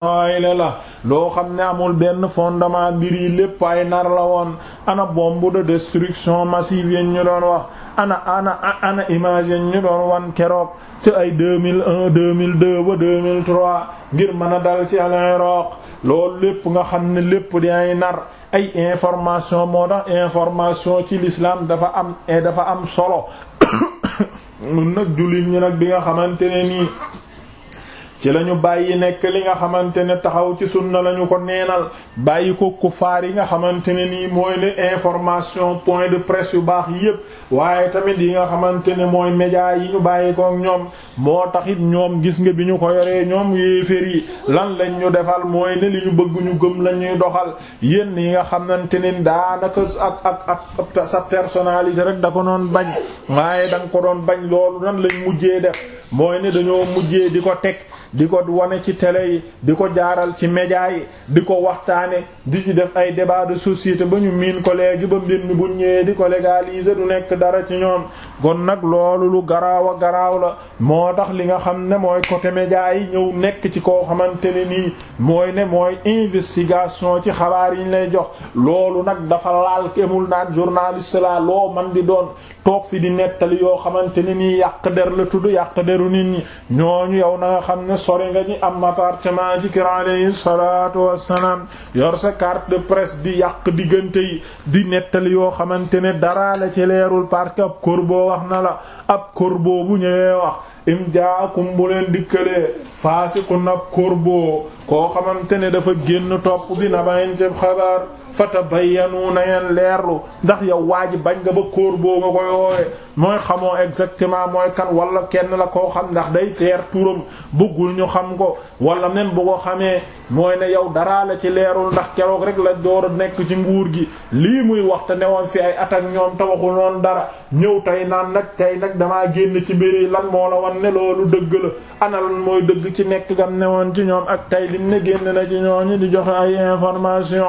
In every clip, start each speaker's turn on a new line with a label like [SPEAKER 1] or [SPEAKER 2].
[SPEAKER 1] ay le loo xam ne amul benn fondement mbir yi lépp ay nar la woon ana bombe de destruction massive yeen ñu doon wax ana ana ana image yeen ñu doon wan keroog ci ay 2001 2002 ba ngir mën a dal ci al Iraq loolu lépp nga xam ne lépp di ay nar ay information moo tax information ci l'islam dafa am eh, dafa am solo mun nag jullit ñi nag bi nga xamante ne nii ci lañu bàyyi nekk li nga xamante ne taxaw ci sunna lañu ko neenal bàyyi ko kufaar yi nga xamante ne nii mooy ne information point de presse yu baax yépp waaye tamit yi nga xamante ne mooy média yi ñu bàyyi ko ñoom moo taxit ñoom gis nga bi ñu ko yoree ñoom yéefér yi lan lañ ñu defal mooy ne li ñu bëgg gëm la ñuy doxal yéen yi nga xamante ne daanaka ak ak ak sa personnalité rek da ko doon bañ waaye da nga ko doon bañ loolu lan lañ mujjee def mooy ne dañoo mujjee di ko teg di ko wane ci télé yi di ko jaaral ci média yi di ko waxtaane di ci def ay débat de ba ñu miin ko léegi ba mbir bu ñëwee di ko légaliser du nekk dara ci ñoom kon nag loolu lu garaaw a garaaw la moo tax li nga xam ne mooy côté média yi ñëw nekk ci koo xamante ne nii mooy ne mooy investigation ci xabaar yi ñu lay jox loolu nag dafa laal kemul naan journaliste laa loo man di doon toog fi di nettali yoo xamante ne nii yàq der la tudd yàq deru nit ñi ñooñu yow na nga xam ne sori nga ñi am appartement ji kir alayhi salaatu wassalaam yor sa carte de presse di yàq diggante yi di nettali yoo xamante ne dara la ci wax na la ab corbeau bu ñëwee wax im jaakum bu leen dikkalee faasiqun ab corbeau koo xamante ne dafa génn topp bi na ba ngeen ci xabaar fatabayyanu na ngeen leerlu ndax yow waa ji bañ nga ba kóor boo nga koy woowe mooy xamoo exactement mooy kan wala kenn la koo xam ndax day teer turam bëggul ñu xam ko wala même bu ko xamee mooy ne yow dara la ci leerul ndax keroog rek la joor a nekk ci nguur gi lii muy wax te newoon fi ay at ñoom te waxul noonu dara ñëw tey naan nag tey nag damaa génn ci mbir yi lan moo la wan ne loolu dëgg la ana lan mooy génn génn na ci ñooñu di joxe ay information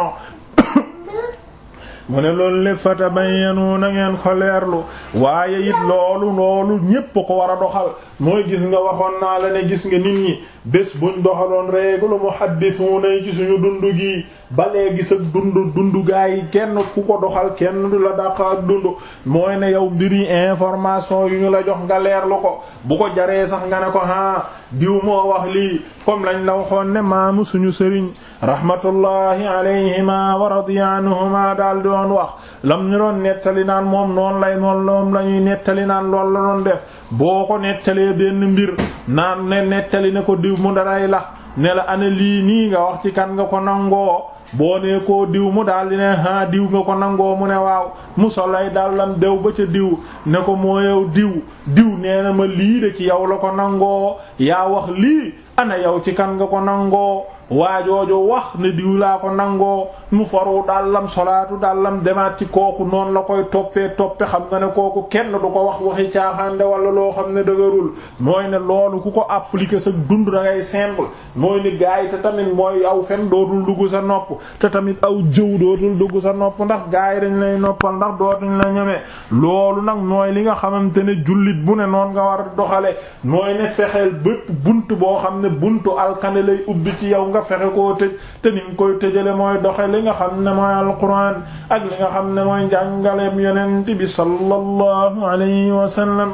[SPEAKER 1] mu ne loolu lépp fa tabayyanu na ngeen ko leerlu waaye it loolu loolu ñépp ko war a doxal mooy gis nga waxoon naa la ne gis nga nit ñi bés buñ doxaloon réeglu muhaddisuuna yi ci suñu dund gi ba léegi sa dund dundu yi kenn ku ko doxal kenn du la dàq ak dund mooy ne yow mbiri information yu ñu la jox nga leerlu ko bu ko jaree sax nga ne ko ha diw moo wax lii comme lañ la waxoon ne maamu suñu sëriñ rahmatullahi alayhima wa radiya anhuma daal wax lam ñu doon nettali naan moom noonu lay noonu moom la ñuy nettali naan loolu la doon def boo ko nettalee benn mbir naan ne nettali ne ko diw mu daray lax ne la ana lii nii nga wax ci kan nga ko nangoo boo nee koo diw mu daal di ne ha diw nga ko nangoo mu ne waaw mu solay lan dew ba ca diw ne ko moo diw diw nee na ma lii de ci yow la ko nangoo yaa wax lii ana yow ci kan nga ko nangoo waa waajooju wax ne diw laa ko nangoo mu faru dàllam solaatu dàllam demaat ci kooku noonu la koy toppee toppee xam nga ne kooku kenn du ko wax waxi caaxaande wala loo xam ne dëgërul mooy ne loolu ku ko appliquer sa dund da ngay simple mooy ni gars yi te tamit mooy aw fen dootul dugg sa nopp te tamit aw jëw dootul dugg sa nopp ndax gars yi dañ lay noppal ndax dootuñ la ñemee loolu nag mooy li nga xamante ne jullit bu ne noon nga war doxale mooy ne fexeel bépp bunt boo xam ne buntu alkane lay ubbi ci yow nga nga fexe koo tëj te ni koy tëjale mooy doxe li nga xam ne mooy alquran ak li nga xam ne mooy njàngaleem yonent bi sallallahu alayhi wa sallam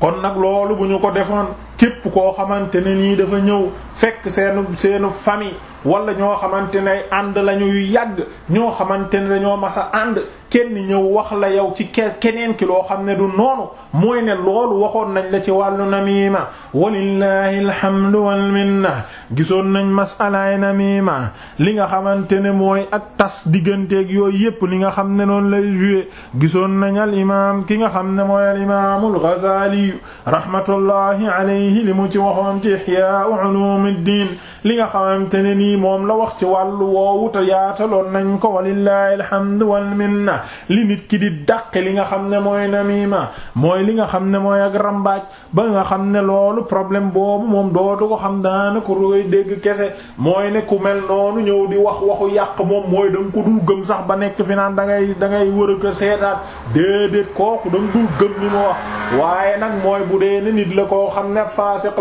[SPEAKER 1] kon nag loolu bu ñu ko defoon képp koo xamante ne nii dafa ñëw fekk seenu seenu famille wala ñoo xamante ne ànd lañuy yàgg ñoo xamante ne dañoo mas ànd kenn ñëw wax la yow ci keneen ki loo xam ne du noonu mooy ne loolu waxoon nañ la ci wàllu namima walillahi alhamdu wal minna gisoon nañ masalaay namima li nga xamante ne mooy ak tas digganteeg yooyu yépp li nga xam ne noon lay joué gisoon nañ al imaam ki nga xam ne mooy al imaamul Ghazali rahmatullahi alayhi li mu ci waxoon ci ihya ulumuddin li nga xamante ne nii moom la wax ci wàllu woowu te yaataloon nañ ko walillahi alhamdu wal minna li nit ki di dàqe li nga xam ne mooy namima mooy li nga xam ne mooy ak rambaaj ba nga xam ne loolu problème boobu moom dootu ko xam daana ko roy dégg kese mooy ne ku mel noonu ñëw di wax waxu yàq moom mooy da ko dul gëm sax ba nekk fi naan da ngay da ngay wër a ko seetaat déedéet kooku da dul gëm ni ma wax waaye nag mooy bu dee ne nit la koo xam ne faasiq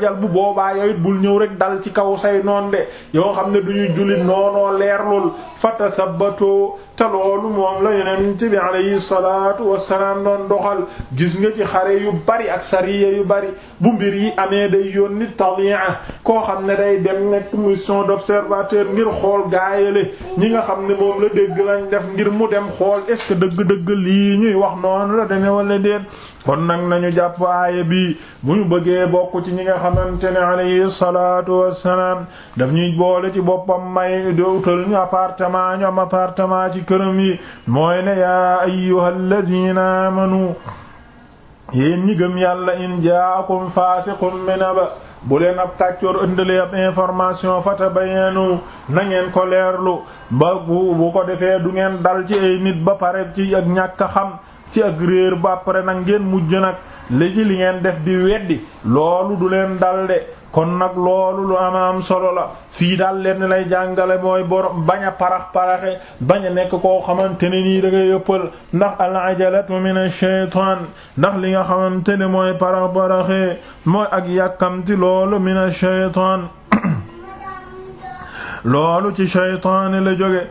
[SPEAKER 1] waajal bu boobaa yow bul ñëw rek dal ci kaw say noon de yoo xam ne du ñuy jullit noonoo leerlul fatasabato te loolu moom la yonent bi alayhi salaatu wassalaam doon doxal gis nga ci xare yu bari ak sariya yu bari bu mbir yi amee day yónni taliya koo xam ne day dem nekk mission d'observateur ngir xool gaayale ñi nga xam ne moom la dégg lañ def ngir mu dem xool est-ce dëgg-dëgg lii ñuy wax noonu la deme wala déet kon nag nañu jàpp aaya bi bu ñu bëggee bokk ci ñi nga xamante ne alayhi salaatu wassalaam daf ñuy boole ci boppam may ñu appartement ñu am këram yi mooy ne yaa ayyuhal ladina amanu yéen ñi gëm yàlla in jaakum faasiqun bi naba bu leen ab kàccoor ëndalee ab information fatabayanu na ngeen ko leerlu ba bu ko defee du ngeen dal ci ay nit ba pare ci ak ñàkk xam ci ak réer ba pare nag ngeen mujj nag li ci li ngeen def bi weddi loolu du leen dal kon nag loolu lu ama am solo la fii daal lenn lay jàngale mooy borom bañ a parax-paraxe bañ nekk koo xamante ni nii da ngay ndax al ajalatu min ash-shaytan ndax li nga xamante ne mooy parax-paraxe mooy ak yàkkamti loolu min ash-shaytan loolu ci shaytaani la jóge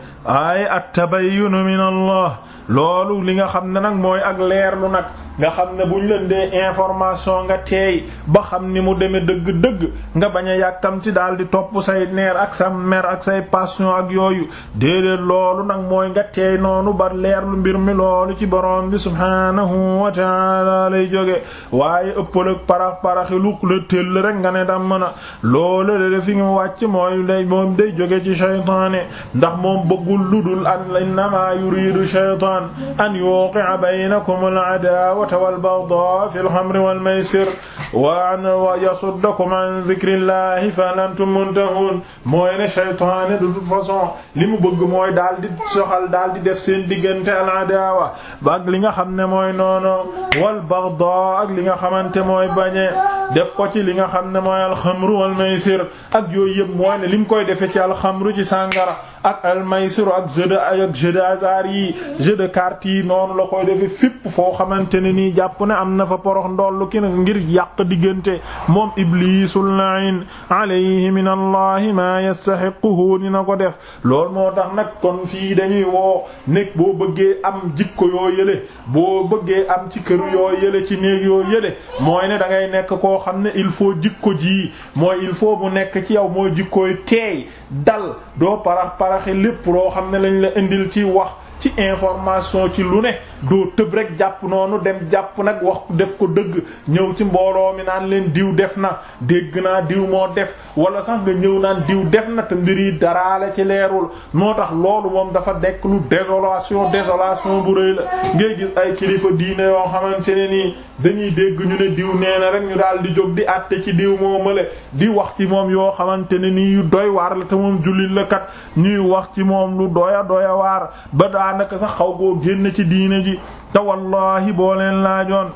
[SPEAKER 1] ay at-tabayyun min allah loolu li nga xam ne nag mooy ak leer lu nag nga xam ne buñ leen dee information nga teey ba xam ni mu demee dëgg-dëgg nga bañ a yàkkamti daal di topp say neer ak sa mer ak say passion ak yooyu déedéet loolu nag mooy nga teey noonu ba leerlu mbir mi loolu ci borom bi subhaanahu wa taala lay jóge waaye ëppal ak parax paraxi lu la tëll rek nga ne dam mën a loolu la defi nga wàcc mooy day moom day jóge ci shaytaane ndax moom bëggul ludul an innama yuridu shaytaan an yuqi'a baynakum al-adawa al'adawata walbagdaa fi alxamri walmaysir wa an wa yasuddakum an dikrillahi fa antum muntahun mooy ne shaytaane de toute façon li mu bëgg mooy daal di soxal daal di def seen diggante al'adawa ak li nga xam ne mooy noono walbagdaa ak li nga xamante mooy bañe def ko ci li nga xam ne mooy alxamru walmaysir ak yooyu yëpp mooy ne li mu koy defe ci alxamru ci sàngara ak almaysiru ak jeu de ak jeu de hasard yi jeu de cartes yi noonu fipp foo xamante ne nii jàpp ne am na fa porox ndollu ki ngir yàq diggante moom iblisul la'in alayhi min allahi ma yastahiquhu dina ko def loolu moo tax nag kon fii dañuy woo nekk boo bëggee am jikko yoo yële boo bëggee am ci kër yoo yële ci néeg yoo yële mooy ne da nekk koo xam ne il faut jikko ji mooy il faut bu nekk ci yow mooy jikkooy teey dal doo parax baraxe lépp roo xam ne lañ la indil ci wax ci information ci lu ne doo tëb rek jàpp noonu dem jàpp nag wax def ko dëgg ñëw ci mbooloo mi naan leen diw def na dégg naa diw moo def wala sax nga ñëw naan diw def na te mbir yi daraa la ci leerul moo tax loolu moom dafa dekk lu désolation désolation bu rëy la ngay gis ay kilifa diine yoo xamante ne nii dañuy dégg ñu ne diw nee na rek ñu daal di jóg di àtte ci diw moo male di wax ci moom yoo xamante ne nii yu doy waar la te moom jullit la kat ñuy wax ci moom lu doy a waar ba daanaka sax xaw koo génn ci diine ji te wallaahi boo leen laajoon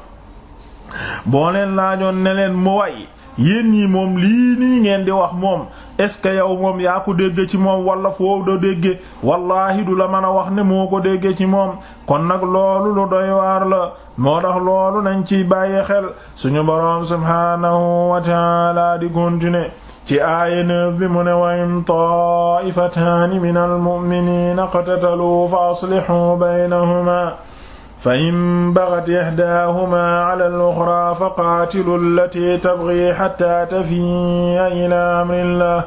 [SPEAKER 1] boo leen laajoon ne leen mu way yéen yi moom lii nii ngeen di wax moom est-ce que yow moom yaa ko dégge ci moom wala foo da dégge wallaahi du la mën a wax ne moo ko dégge ci moom kon nag loolu lu doy waar la moo tax loolu nañ ci bàyyi xel suñu boroom subhaanahu wa taala di continuer ci aaya neuf bi mu ne wa in taa'ifataani min almu'miniina qatataluu fa aslihuu baynahumaa fa in bagat ihdaahumaa ala al-uxraa fa qaatilu allatii tabghii hattaa tafii'a ilaa amrillaah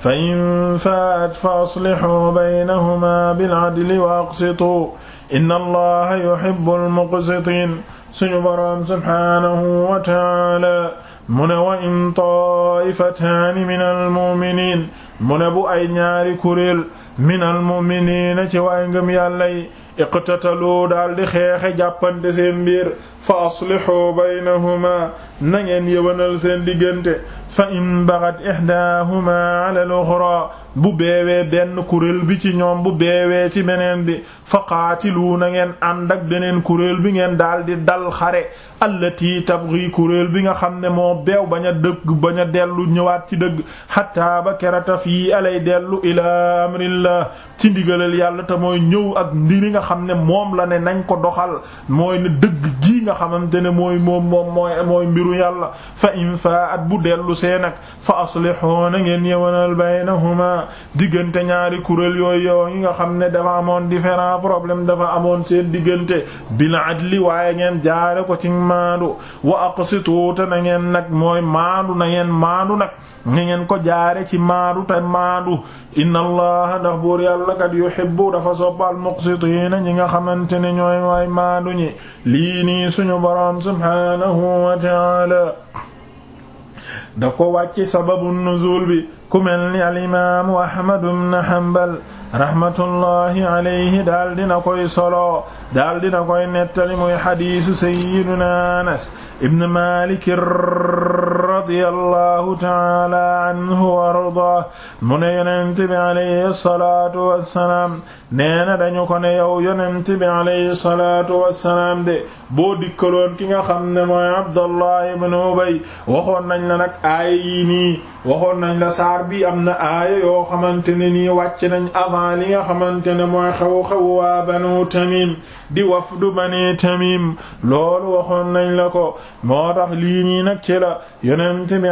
[SPEAKER 1] fa in faa'at fa aslihuu baynahumaa bil-'adli wa aqsituu inna allaha yuhibbul muqsitin suñu boroom subhaanahu wa taala mu ne wa in taifataani min almuminin mu ne bu ay ñaari kuréel min almuminina ci waay ngëm yàlla yi iqtatalu daal di xeexe jàppante seen mbir fa aslihu baynahuma na ngeen yëwanal seen diggante fa in baxat ihdaahuma ala al-uxra bu beewee benn kuréel bi ci ñoom bu beewee ci beneen bi fa qaatilu na ngeen ànd ak beneen kuréel bi ngeen daldi dal xare allati tabghi kuréel bi nga xam ne moo beew bañ a dëgg bañ a dellu ñëwaat ci dëgg xataa ba kerataf yi alay dellu ilaa amrillah ci ndigalal yàlla ta mooy ñëw ak ndiri nga xam ne moom la ne nañ ko doxal mooy ne dëgg gii nga xamante ne mooy moom moom mooy mooy mbiru yàlla fa in fa at bu dellu see nag fa aslihu na ngeen yewanal baynahuma diggante ñaari kuréel yooyu yow yi nga xam ne dafa amoon différent problème dafa amoon seen diggante bil adli waaye ngeen jaare maandu wa aqsitu na ngeen nag mooy maandu na ngeen maandu nag ngeen ko jaare ci maandu te maandu inna allaha ndax buur yàlla kat yuhibbu dafa soppal muqsitiina ñi nga xamante ne ñooy mooy maandu ñi lii nii suñu boroom subhaanahu wa ta'ala da ko wàcci sababu nuzul bi ku mel ni al imaamu ahmadu ibn hanbal rahmatullahi alayhi daal dina koy solo daal dina koy nettali muy xadiisu sayyiduna anas ibn malik radiyallahu taala anhu wa arda mu ne yonent bi alayhi salaatu wassalaam nee na dañu ko ne yow yonent bi alayhi salaatu wassalaam de boo dikkaloon ki nga xam ne mooy abdallah ibn ubay waxoon nañ la nag aaya yii nii waxoon nañ la saar bi am na aaya yoo xamante ne nii wàcc nañ avant li nga xamante ne mooy xew-xew waa banu tamim di wafdu bani tamim lool waxoon nañ la ko moo tax lii ñii nag ci la yonent bi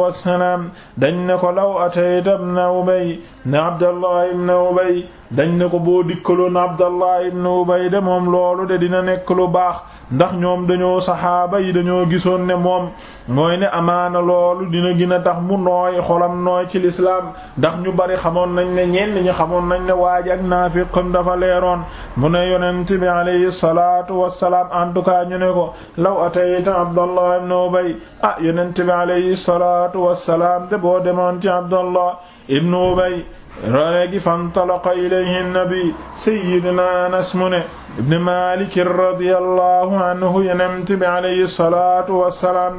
[SPEAKER 1] wassalaam dañ ne ko law atayta ibna ubay na abdallah ibna ubay dañ ne ko boo dikkaloon Abdallah ibn Ubay de moom loolu de dina nekk lu baax ndax ñoom dañoo saxaaba yi dañoo gisoon ne moom mooy ne amaana loolu dina gën a tax mu nooy xolam nooy ci lislaam ndax ñu bari xamoon nañu ne ñenn ñi xamoon nañ ne waaj ak naafiqam dafa leeroon mu ne yonent bi alayhi salaatu wassalaam en tout cas ñu ne ko law atayta Abdallah ibn Ubay ah yonent bi alayhi salaatu wassalaam de boo demoon ci Abdallah ibn Ubay léegi fantalaqa ilayhi nabi sayyidina anas mu ne ibn malik radiyallahu anhu yenent bi alayhi salaatu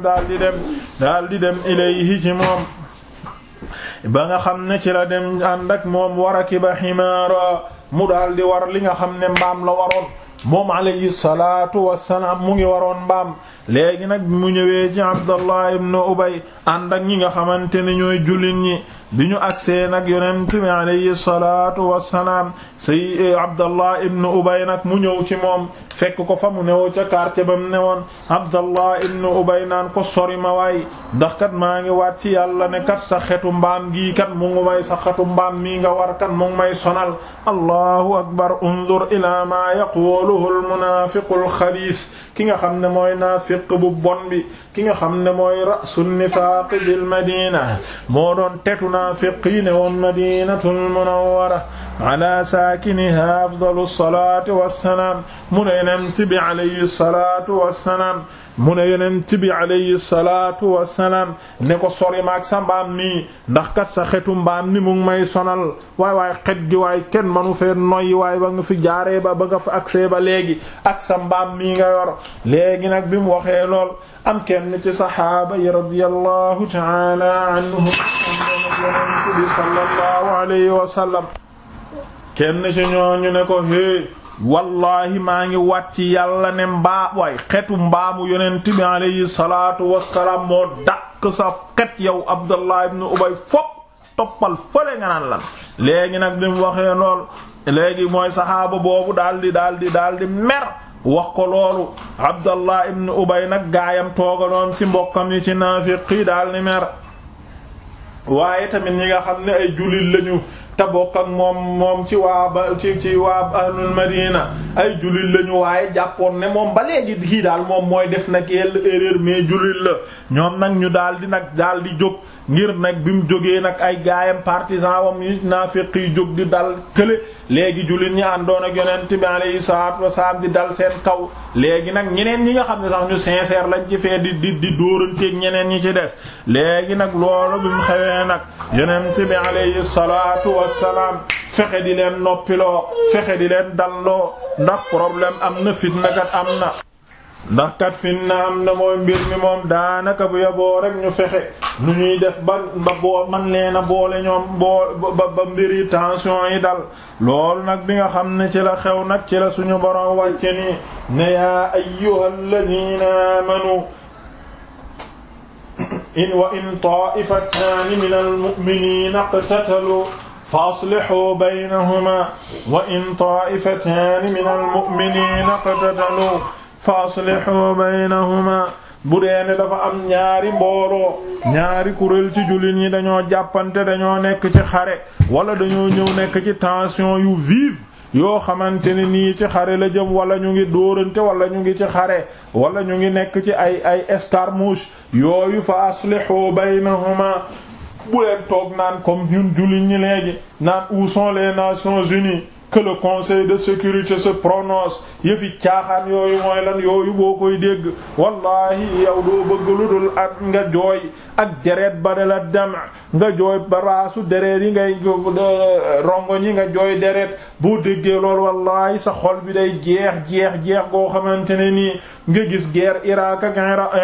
[SPEAKER 1] daal di dem daal ci moom ba nga xam ne ci la dem ànd moom warakiba ximaara mu daal di war li nga xam ne mbaam la waroon moom alayhi salaatu wassalaam mu ngi waroon mbaam léegi nag mu ñëwee ci abdallah ibn ubay ànd ak ñi nga xamante ne ñooy jullit ñi bi ñu agsee nag yonent bi alayhi salaatu wassalaam say eh, abdallah ibn ubay nag mu ñëw ci moom fekk ko fa mu newoo ca quartier ba mu newoon abdallah ibn ubay naan ko sori ma waay ndax kat maa ngi waat ci yàlla ne kat sa xetu mbaam gii kat mu ngi may sa xetu mbaam mii nga war kat mu ngi may sonal allahu akbar unzur ila ma yaquluhu almunaafiqul xabiis ki nga xam ne mooy naafiq bu bon bi ki nga xam ne mooy rasul nifaaq bil madina moo doon tetu naafiq yi ne woon madinatul munawwara ala saakiniha afdalu salaatu wassalaam mu ne yonent bi alayhi salaatu wassalaam mu ne yonent bi alayhi salaatu wassalaam ne ko sori maag sa mbaam nii ndax kat sa xetu mbaam mi mu may sonal waay waay xet gi waay kenn manu fee noyyi waay ba fi jaaree ba ba nga fa ba léegi ak sa mbaam mii nga yor léegi nag bi mu waxee lool am kenn ci saxaaba yi radiyallahu ta'ala anhum yonent bi sallallahu alayhi wa sallam kenn ci ñooñu ne ko hee wallaahi maa ngi wat ci yàlla ne mbaa waay xetu mbaamu yonent bi alayhi salaatu wassalaam moo dàq sa xet yow Abdallah ibn Ubay fopp toppal fële nga naan lan léegi nag bi mu waxee lool léegi mooy saxaaba boobu daldi daldi mer wax ko loolu Abdallah ibn Ubay nag gaayam toogaloon ci mbokkam yi ci naafiqi daal ni mer waaye tamit ñi nga xam ne ay jullit lañu te bokk ak moom moom ci waa ba ci ci waa ahlul madina ay jullit la ñu waaye jàppoon ne moom ba léegi gii daal moom mooy def nag yell erreur mais jullit la ñoom nag ñu daal di nag daal di jóg ngir nag bi mu jógee nag ay gaayam partisan wam yi naafiq yi jóg di dal kële léegi jullit ñi àndoon ak yonent bi alayhi salaatu wasalaam di dal seen kaw léegi nag ñeneen ñi nga xam ne sax ñu sincère lañ ci fee di di di dóoranteeg ñeneen ñi ci des léegi nag loolu bi mu xewee nag yonent bi alayhi salaatu wasalaam fexe di leen noppiloo fexe di leen dalloo ndax problème am na fitna kat am na ndax kat fin na am na mooy mbir moom daanaka bu yaboo rek ñu fexe nu ñuy def ba ba boo man leen a boole ñoom mbir yi yi dal lool nag bi nga xam ne ci la xew nag ci la suñu borom wàcce nii ne yaa ayyuhal ladina amanu in wa in taa'ifataani minal mu'minina iqtatalu fa aslihu baynahuma wa in taa'ifataani minal mu'minina iqtatalu fa aslihu baynahuma bu dee ne dafa am ñaari mbooloo ñaari kuréel ci jullit ñi dañoo jàppante dañoo nekk ci xare wala dañoo ñëw nekk ci tension yu vive yoo xamante ne nii ci xare la jëm wala ñu ngi dóorante wala ñu ngi ci xare wala ñu ngi nekk ci ay ay escarmouche yooyu fa aslihu baynahuma bu leen toog naan comme ñun jullit ñi léegi naan où sont les nations unies que conseil de sécurité se prononce yëfi caaxaan yooyu mooy lan yooyu boo koy dégg wallahi yow doo bëgg lu dul at nga jooy ak deret ba de la dem nga jooy baraasu deret yi ngay rongo ñi nga jooy deret boo déggee lool wallahi sa xol bi day jeex jeex jeex goo xamante ne nii nga gis guerre Irak ak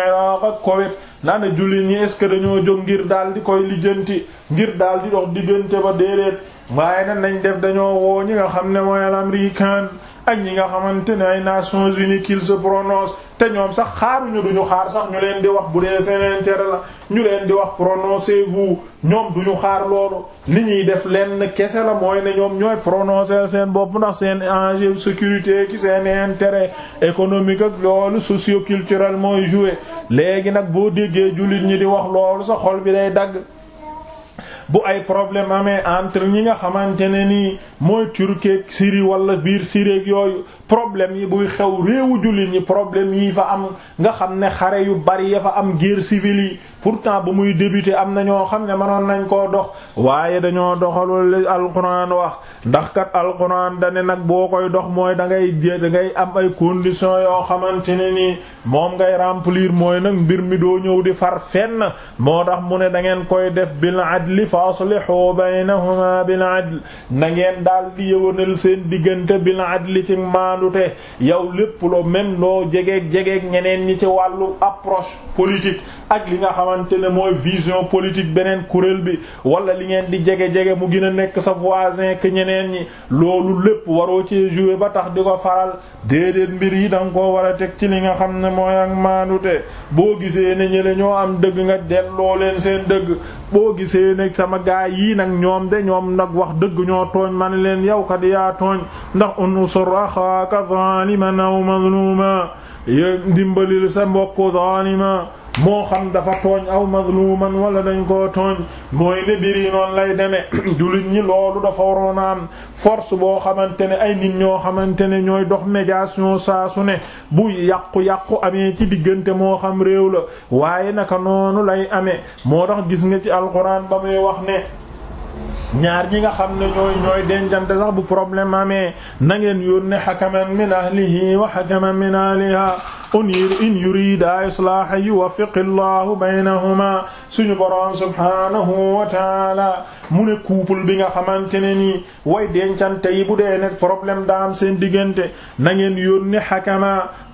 [SPEAKER 1] Iraq ak Koweït naana julli ñi est dañoo jóg ngir daal di koy lijjanti ngir daal di dox diggante ba déedéet waaye nag nañ def dañoo woo ñi nga xam ne mooy al américain ak ñi nga xamante ne ay Nations Unies qu'il prononce te ñoom sax xaar xaaruñu duñu xaar sax ñu leen di wax bu dee seen intérêt la ñu leen di wax prononcez-vous ñoom duñu xaar loolu li ñuy def lenn kese la mooy ne ñoom ñooy prononcer seen bopp ndax seen enjeu sécurité ki seen intérêt économique ak loolu socio-culturel mooy jouer léegi nag boo déggee jullit ñi di wax loolu sa xol bi day dagg. bu ay problème amee entre ñi nga xamante ne nii mooy Turquie siri Syrie wala biir Syrie ak yooyu problème yi buy xew réewu jullit ñi problème yi fa am nga xam ne xare yu bari ya fa am guerre sibil yi pourtant ba muy débuté am na ñoo xam ne mënoon nañ koo dox waaye dañoo doxalul li alquran wax ndax kat alquran dane nag boo koy dox mooy da ngay da ngay am ay conditions yoo xamante ne nii moom ngay remplir mooy nag mbir mi doo ñëw di far fenn moo tax mu ne da ngeen koy def bil adli fa aslihu baynahuma bil adl na ngeen daal di yëwanal seen diggante bil adli ci maandute yow lépp loo même loo jegeeg jegeeg ñeneen ñi ci wàllu aproche politique ak li xamante ne mooy vision politique beneen kuréel bi wala li ngeen di jege-jege mu gën a nekk sa voisin que ñeneen ñi loolu lépp waroo ci jouer ba tax di ko faral déedéet mbir yi danga koo war a teg ci li nga xam ne mooy ak maanute boo gisee ne ñële ñoo am dëgg nga delloo leen seen dëgg boo gisee ne sama gaay yii nag ñoom de ñoom nag wax dëgg ñoo tooñ man leen yow kat yaa tooñ ndax unsur axaaka zaliman aw mazluma dimbalil sa mbokk zalima moo xam dafa tooñ aw mazluman wala dañ koo tooñ mooy ne lay demee jullit ñi loolu dafa waroon a force boo xamante ne ay nit ñoo xamante ne ñooy dox médiation saa su ne bu yàqu-yàqu amee ci diggante moo xam réew la waaye naka noonu lay ame moo tax gis nga ci alxuraan ba muy wax ne ñaar ñi nga xam ne ñooy ñooy dencante sax bu problème amee na yónne hakaman min ahlihi wa hakaman min ahliha in yurida islaahan yuwaffiqi llahu baynahuma suñu boroom subhanahu wa mu ne couple bi nga xamante ne nii way dencante yi bu dee ne problème daa am seen diggante na ngeen yónni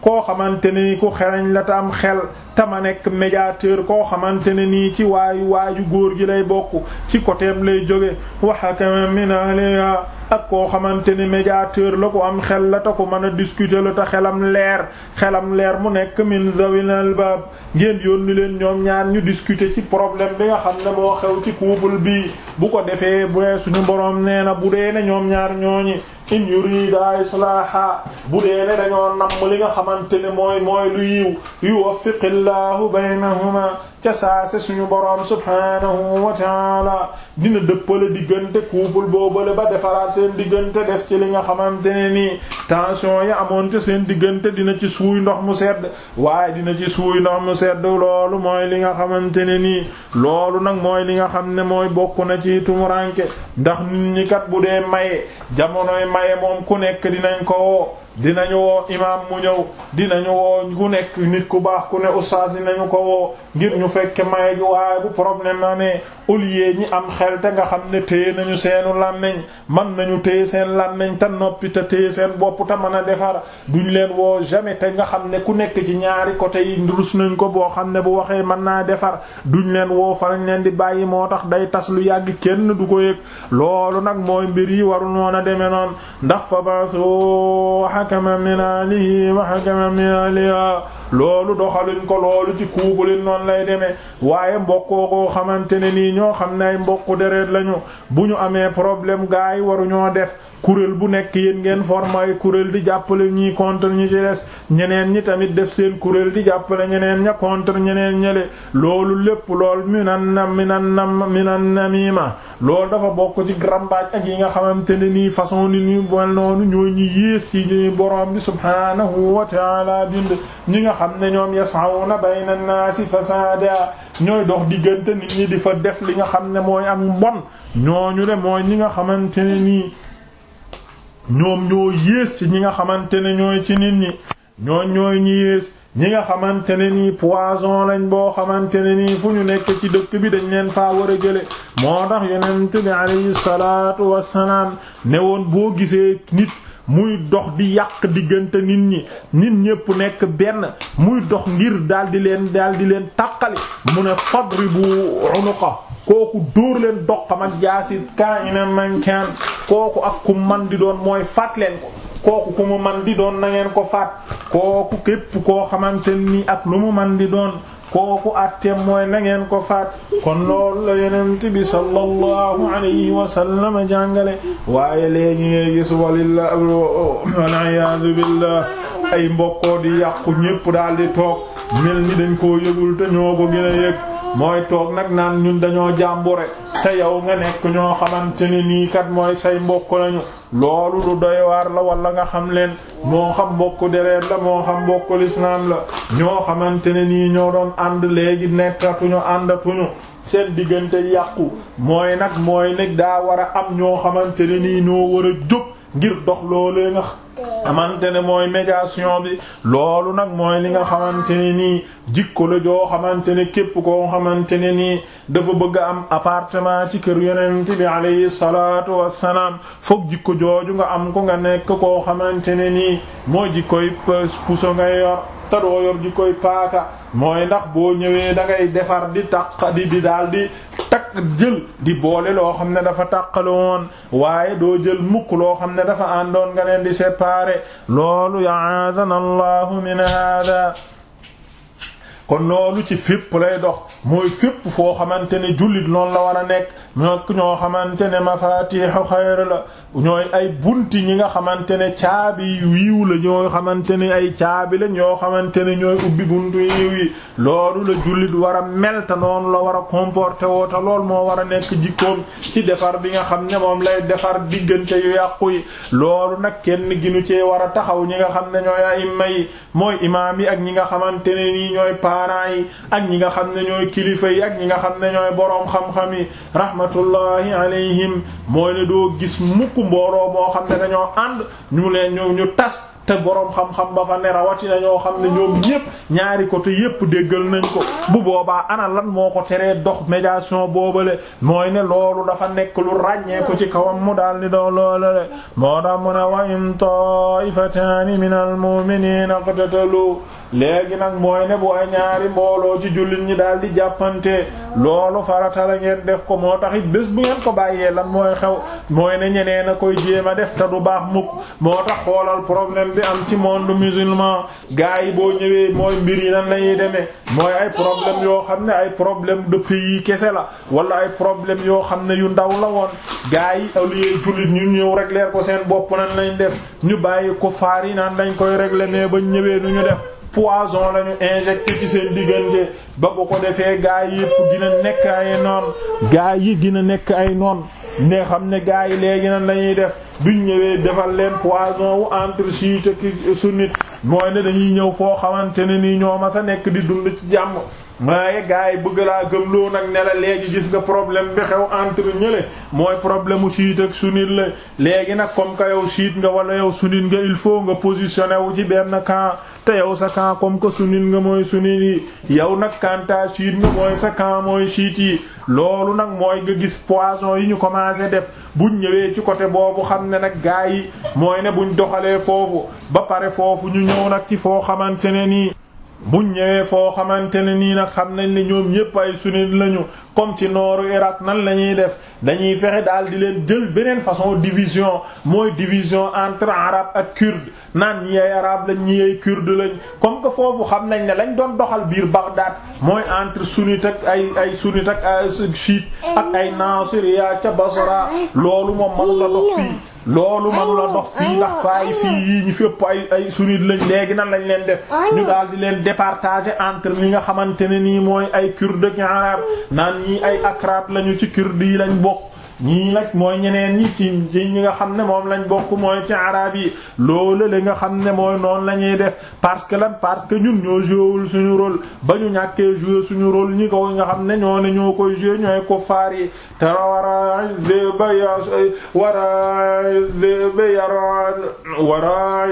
[SPEAKER 1] koo xamante ne ni ku xerañ la am xel tama nekk médiateur koo xamante ne nii ci waayu waaju góor gi lay bokk ci côtéem lay jóge wa hakama min ahliha ak koo xamante ni médiateur la ko am xel la ta ko mën a discuter la ta xelam leer xelam leer mu nekk min zawil albab ngeen yónni leen ñoom ñaar ñu discuter ci problème bi nga xam ne boo xew ci couple bi bu ko defee bu suñu borom nee na bu dee ne ñoom ñaar ñooñi in yurida islaaha bu dee ne dañoo namm li nga xamante ne mooy mooy lu yiw yuwaffiqillahu baynahuma ca saase suñu boroom subhanahu wa taala dina dëppale diggante couple boobale ba defaraat seen diggante def ci li nga xamante nii tension yi amoon seen diggante dina ci suuy ndox mu sedd waaye dina ci suuy ndox mu sedd loolu mooy li nga xamante ne nii loolu nag mooy li nga xam ne mooy bokk na ci tumuranke ndax nit ñi kat bu dee maye jamonoy maye moom ku nekk dinañ ko dinañu woo imaam mu ñëw dinañu woo ku nekk nit ku baax ku ne ustaas dinañu ko woo ngir ñu fekkee may gi waaye bu problème na ne au lieu ñi am xel te nga xam ne téye nañu seenu làmmiñ man nañu téye seen làmmiñ te noppi te téye seen bopp te mën a defar duñ leen woo jamais te nga xam ne ku nekk ci ñaari côté yi rus nañ ko boo xam ne bu waxee mën naa defar duñ leen woo falañ leen di bàyyi moo tax day tas lu yàgg kenn du ko yëg loolu nag mooy mbir yi waruñoon a demee noonu xakama min loolu doxaluñ ko loolu ci kuubulin noonu lay demee waaye mbokkoo koo xamante ne nii ñoo xam ne ay mbokku deret lañu bu ñu amee problème gaa yi waruñoo def kuréel bu nekk yéen ngeen forme ay kuréel di jàppale ñii contre ñi ci des ñeneen ñi tamit def seen kuréel di jàppale ñeneen ña contre ñeneen ñele loolu lépp lool minan nam minan nam minan namima loolu dafa bokk ci grambaaj ak yi nga xamante ne nii façon li ñu mel noonu ñoo ñu yées ci ñuy borom bi subhaanahu wa ta'ala bind ñi nga xam ne ñoom ya yas'awna bayna naasi fasaada ñooy dox diggante nit ñi di fa def li nga xam ne mooy am mbon ñooñu de mooy ñi nga xamante nii ñoom ñoo yées ci ñi nga xamante ne ñooy ci nit ñi ñooñ ñooy ñi yées ñi nga xamante ne nii poison lañ boo xamante ne nii fu ñu nekk ci dëkk bi dañ leen faa war a jële moo tax yonent bi alayhi ne woon boo gisee nit muy dox bi yàq diggante nit ñi nit ñépp nekk benn muy dox ngir daldi leen daldi leen tàqali mu ne fadribu unuqa kooku dóor leen doqam ak jaasi kaayina mankaan kooku ak ku man di doon mooy faat leen ko kooku ku mu man di doon nangeen ko faat kooku képp koo xamante ni ak lu mu man di doon kooku atteem mooy na ngeen ko faat kon loolu la yonent bi sallallahu alayhi wa sallam jàngale waaye léegi ngay gis walilla waliyaadu billah ay mbokkoo di yàqu ñépp daal di toog mel ni dañ koo yëgul te ñoo ko gën a mooy toog nag naan ñun dañoo jàmbure te yow nga nekk ñoo xamante ni nii kat mooy say mbokk lañu loolu lu doy la walla nga xam leen moo xam mbokku dereet la moo xam mbokku lislaam la ñoo xamante ne nii ñoo doon ànd léegi nekkatuñu àndatuñu seen diggante yàqu mooy nag mooy nag daa war a am ñoo xamante ni nii ñoo war a jóg ngir dox loolu nga xamante ne mooy médiation bi loolu nag mooy li nga xamante ne nii jikko la joo xamante ne képp koo xamante ne nii dafa bëgg a am apartement ci kër yonent bi alayhi salaatu wassalaam foog jikko jooju nga am ko nga nekk koo xamante ne nii mooy jikkoy puso ngay yor te doo yor jikkoy paaka mooy ndax boo ñëwee da ngay defar di tax di di daal di takk jël di boole loo xam ne dafa tàqale woon waaye doo jël mukk loo xam ne dafa àndoon nga leen di séparer loolu ya'adana Allahu min hada kon loolu ci fépp lay dox mooy fépp foo xamante ne jullit noonu la war a nekk ñokk ñoo xamante ne mafatixu xayr la ñooy ay bunti ñi nga xamante ne caabi yiw la ñoo xamante ne ay caabi la ñoo xamante ne ñooy ubbi buntu yiw yi loolu la jullit war a mel te la war a comporter woo te loolu moo war a nekk jikkoom ci defar bi nga xam ne moom lay defar diggante yu yàqu yi loolu nag kenn ginu cee war a taxaw ñi nga xam ne ñooy ay imma yi mooy imaam yi ak ñi nga xamante parents yi ak ñi nga xam ne ñooy kilifa yi ak ñi nga xam ne ñooy boroom xam-xam yi rahmatullahi alayhim mooy ne doo gis mukk mbooloo moo xam ne dañoo ànd ñu leen ñëw ñu tas te boroom xam-xam ba fa ne rawatina ñoo xam ne ñoom ñépp ñaari côté yépp déggal nañ ko bu boobaa ana lan moo ko teree dox médiation boobale mooy ne loolu dafa nekk lu ci kawam mu daal di doon moo tax ne wa in taifataani min al mu'minina qatatalu léegi nag mooy ne bu ay ñaari mbooloo ci jullit ñi daal di jàppante loolu farata la ngeen def ko moo tax it bés bu ngeen ko bàyyee lan mooy xew mooy ne ñeneen a koy jéem a def te du baax mukk moo tax xoolal problème bi am ci monde musulman gars yi boo ñëwee mooy mbir yi nan la ñuy demee mooy ay problème yoo xam ne ay problème de pays kese la wala ay problème yoo xam ne yu ndaw la woon gars yi au lieu jullit ñu ñëw régler ko seen bopp nan lañ def ñu bàyyi ko faar yi naan dañ koy régler mais ñëwee nu ñu def poison la ñu injecté ci seen diggante ba bu ko defee gaa yi yëpp dina nekk ay noon gaa yi dina nekk ay noon ne xam ne gaa yi léegi nan la def duñ ñëwee defal leen poison wu entre chiite ki sunnite mooy ne dañuy ñëw foo xamante ne nii ñoo ma sa nekk di dund ci jàmm maaye gars yi bëgg laa gëmloo nag ne la léegi gis nga problème bi xew entre ñële mooy problème mu chiite ak sunnite la léegi nag comme que yow chiite nga wala yow sunnite nga il faut nga positionné wu ci benn camp te yow sa camp comme que sunnite nga mooy sunnite yi yow nag kanta chiite nga mooy sa camp mooy chiite yi loolu nag mooy nga gis poison yi ñu commencé def buñ ñëwee ci côté boobu xam ne nag gars yi mooy ne buñ doxalee foofu ba pare foofu ñu ñëw nag ci foo xamante ne nii buñ ñëwee foo xamante ne nii nag xam nañ ne ñoom ñépp ay sunnit lañu comme ci nooru Irak nan la ñuy def dañuy fexe daal di leen jël beneen façon division mooy division entre arabe ak kurde naan ñi ay arabe lañ ñi ay kurde lañ comme que foofu xam nañ ne lañ doon doxal biir Bagdad mooy entre sunnite ak ay ay sunnite ak chiite ak ay nasiriya ca Basra loolu moom mënu la fii loolu ah, manu la dox fii ah, ndax saa yi ah. fii yii ñu fépp ay ay sunnite lañ léegi nan lañ leen def ñu daal di leen départager entre ñi nga xamante ne nii mooy ay kurde ci arab naan ñii ay akraat lañu ci kurde yi lañ bokk ñii nag mooy ñeneen ñi ci ñi nga xam ne moom lañ bokk mooy ci arab yi loolu nga xam ne mooy noonu la def parce que lan parce que ñun ñoo jouéwul suñu rôle ba ñu ñàkkee joué suñu rôle ñi ko nga xam ne ñoo ne ñoo koy joué ñooy ko faar yi te wara wara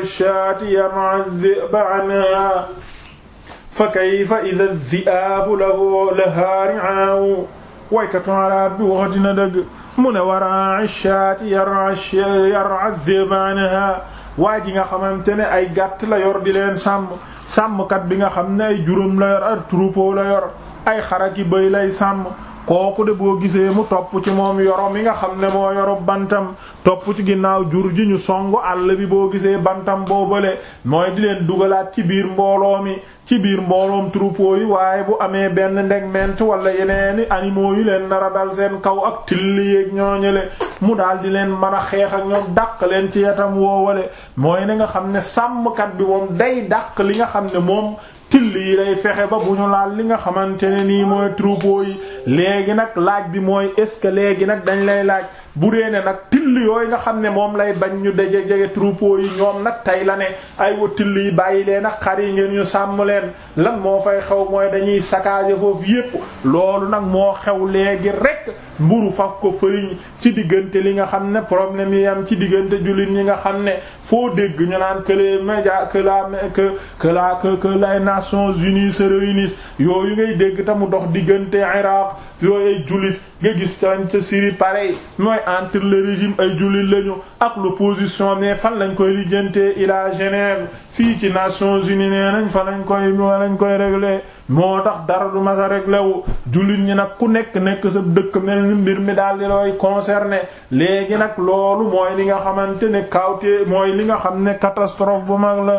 [SPEAKER 1] fa kayfa ida di'aabu lahu lahaa ri'aaw waykatu arab bi waxatina dëgg mu ne wara shaati yara yara dhibaanaha waa ji nga xamante ne ay gàtt la yor di leen sàmm sàmmkat bi nga xam ne ay juróom la yor ak troupeau la yor ay xaraki bay lay sàmm kooku de boo gisee mu topp ci moom yoro mi nga xam ne moo yoro bantam topp ci ginnaaw jur ji ñu song àll bi boo gisee bantam boobale mooy di leen dugalaat ci biir mbooloo mi ci biir mbooloom troupeau yi waaye bu amee benn ndeg ment wala yeneeni animaux yi leen nar a seen kaw ak tilliyeeg ñooñale mu daal di leen man a xeex ak ñoom dàq leen ci yatam woowale mooy ne nga xam ne sàmmkat bi moom day dàq li nga xam ne moom till yi lay fexe ba bu ñu laal li nga xamante ne nii mooy troupeau yi léegi nag laaj bi mooy est-ce que léegi nag dañ lay laaj bu dee ne nag till yooyu nga xam ne moom lay bañ ñu deje jege troupeau yi ñoom nag tey la ne ay wa till yi bàyyi leen ak xar yi ngeen ñu sàmm leen lan moo fay xew mooy dañuy saccager foofu yépp loolu nag moo xew léegi rek mburu faf ko fëriñ ci diggante li nga xam ne problème yi am ci diggante julit ñi nga xam ne foo dégg ñu naan que les médias que la que que la que les Nations Unies se réunissent yooyu ngay dégg tamu mu dox diggante Irak yooyu ay jullit nga gis tañ ca Syrie pareil mooy entre le régime ay jullit lañu ak l'opposition mais fan lañ koy lijjantee ila Genève fii ci Nations Unies nee nañ fa lañ koy wa lañ koy régler moo tax dara du mas a régler jullit ñi nag ku nekk nekk sa dëkk mel ni mbir mi daal di looy concerné léegi nag loolu mooy li nga xamante ne kawte mooy li nga xam ne catastrophe bu mag la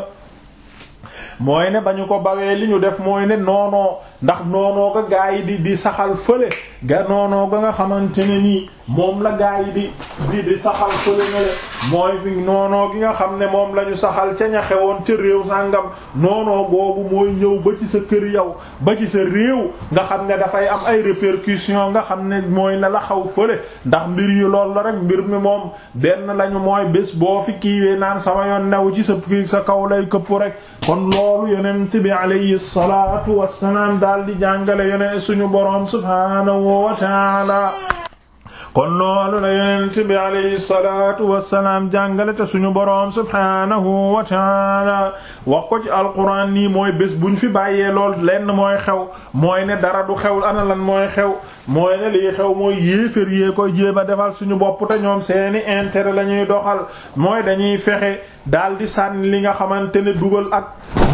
[SPEAKER 1] mooy ne ba ñu ko bawee li ñu def mooy ne noonoo ndax noonoo ko gaa yi di di saxal fële ga noonoo ko nga xamante ne nii moom la gaa yi di di di saxal fële mooy fi noonoo gi nga xam ne moom la ñu saxal ca ña xewoon ca réew sàngam noonoo boobu mooy ñëw ba ci sa kër yow ba ci sa réew nga xam ne dafay am ay répercussions nga xam ne mooy na la xaw fële ndax mbir yi loolu la rek mbir mi moom benn lañu mooy bés boo fi kiiwee naan sama yoon new ci sa sa kaw lay këpp rek kon loolu yonent bi alayhi salaatu wassalaam daal di jàngale yonent suñu boroom subhaanahu wa kon loolu la yonent bi alayhi salaatu wassalaam jàngale te suñu boroom subhaanahu wa taala wax ko ci alquran nii mooy bés buñ fi bàyyee lool lenn mooy xew mooy ne dara du xew ana lan mooy xew mooy ne lii xew mooy yéefér yee koy jéem a defal suñu bopp te ñoom seeni intérêt la ñuy doxal mooy dañuy fexe daal di sànni li nga xamante ne dugal ak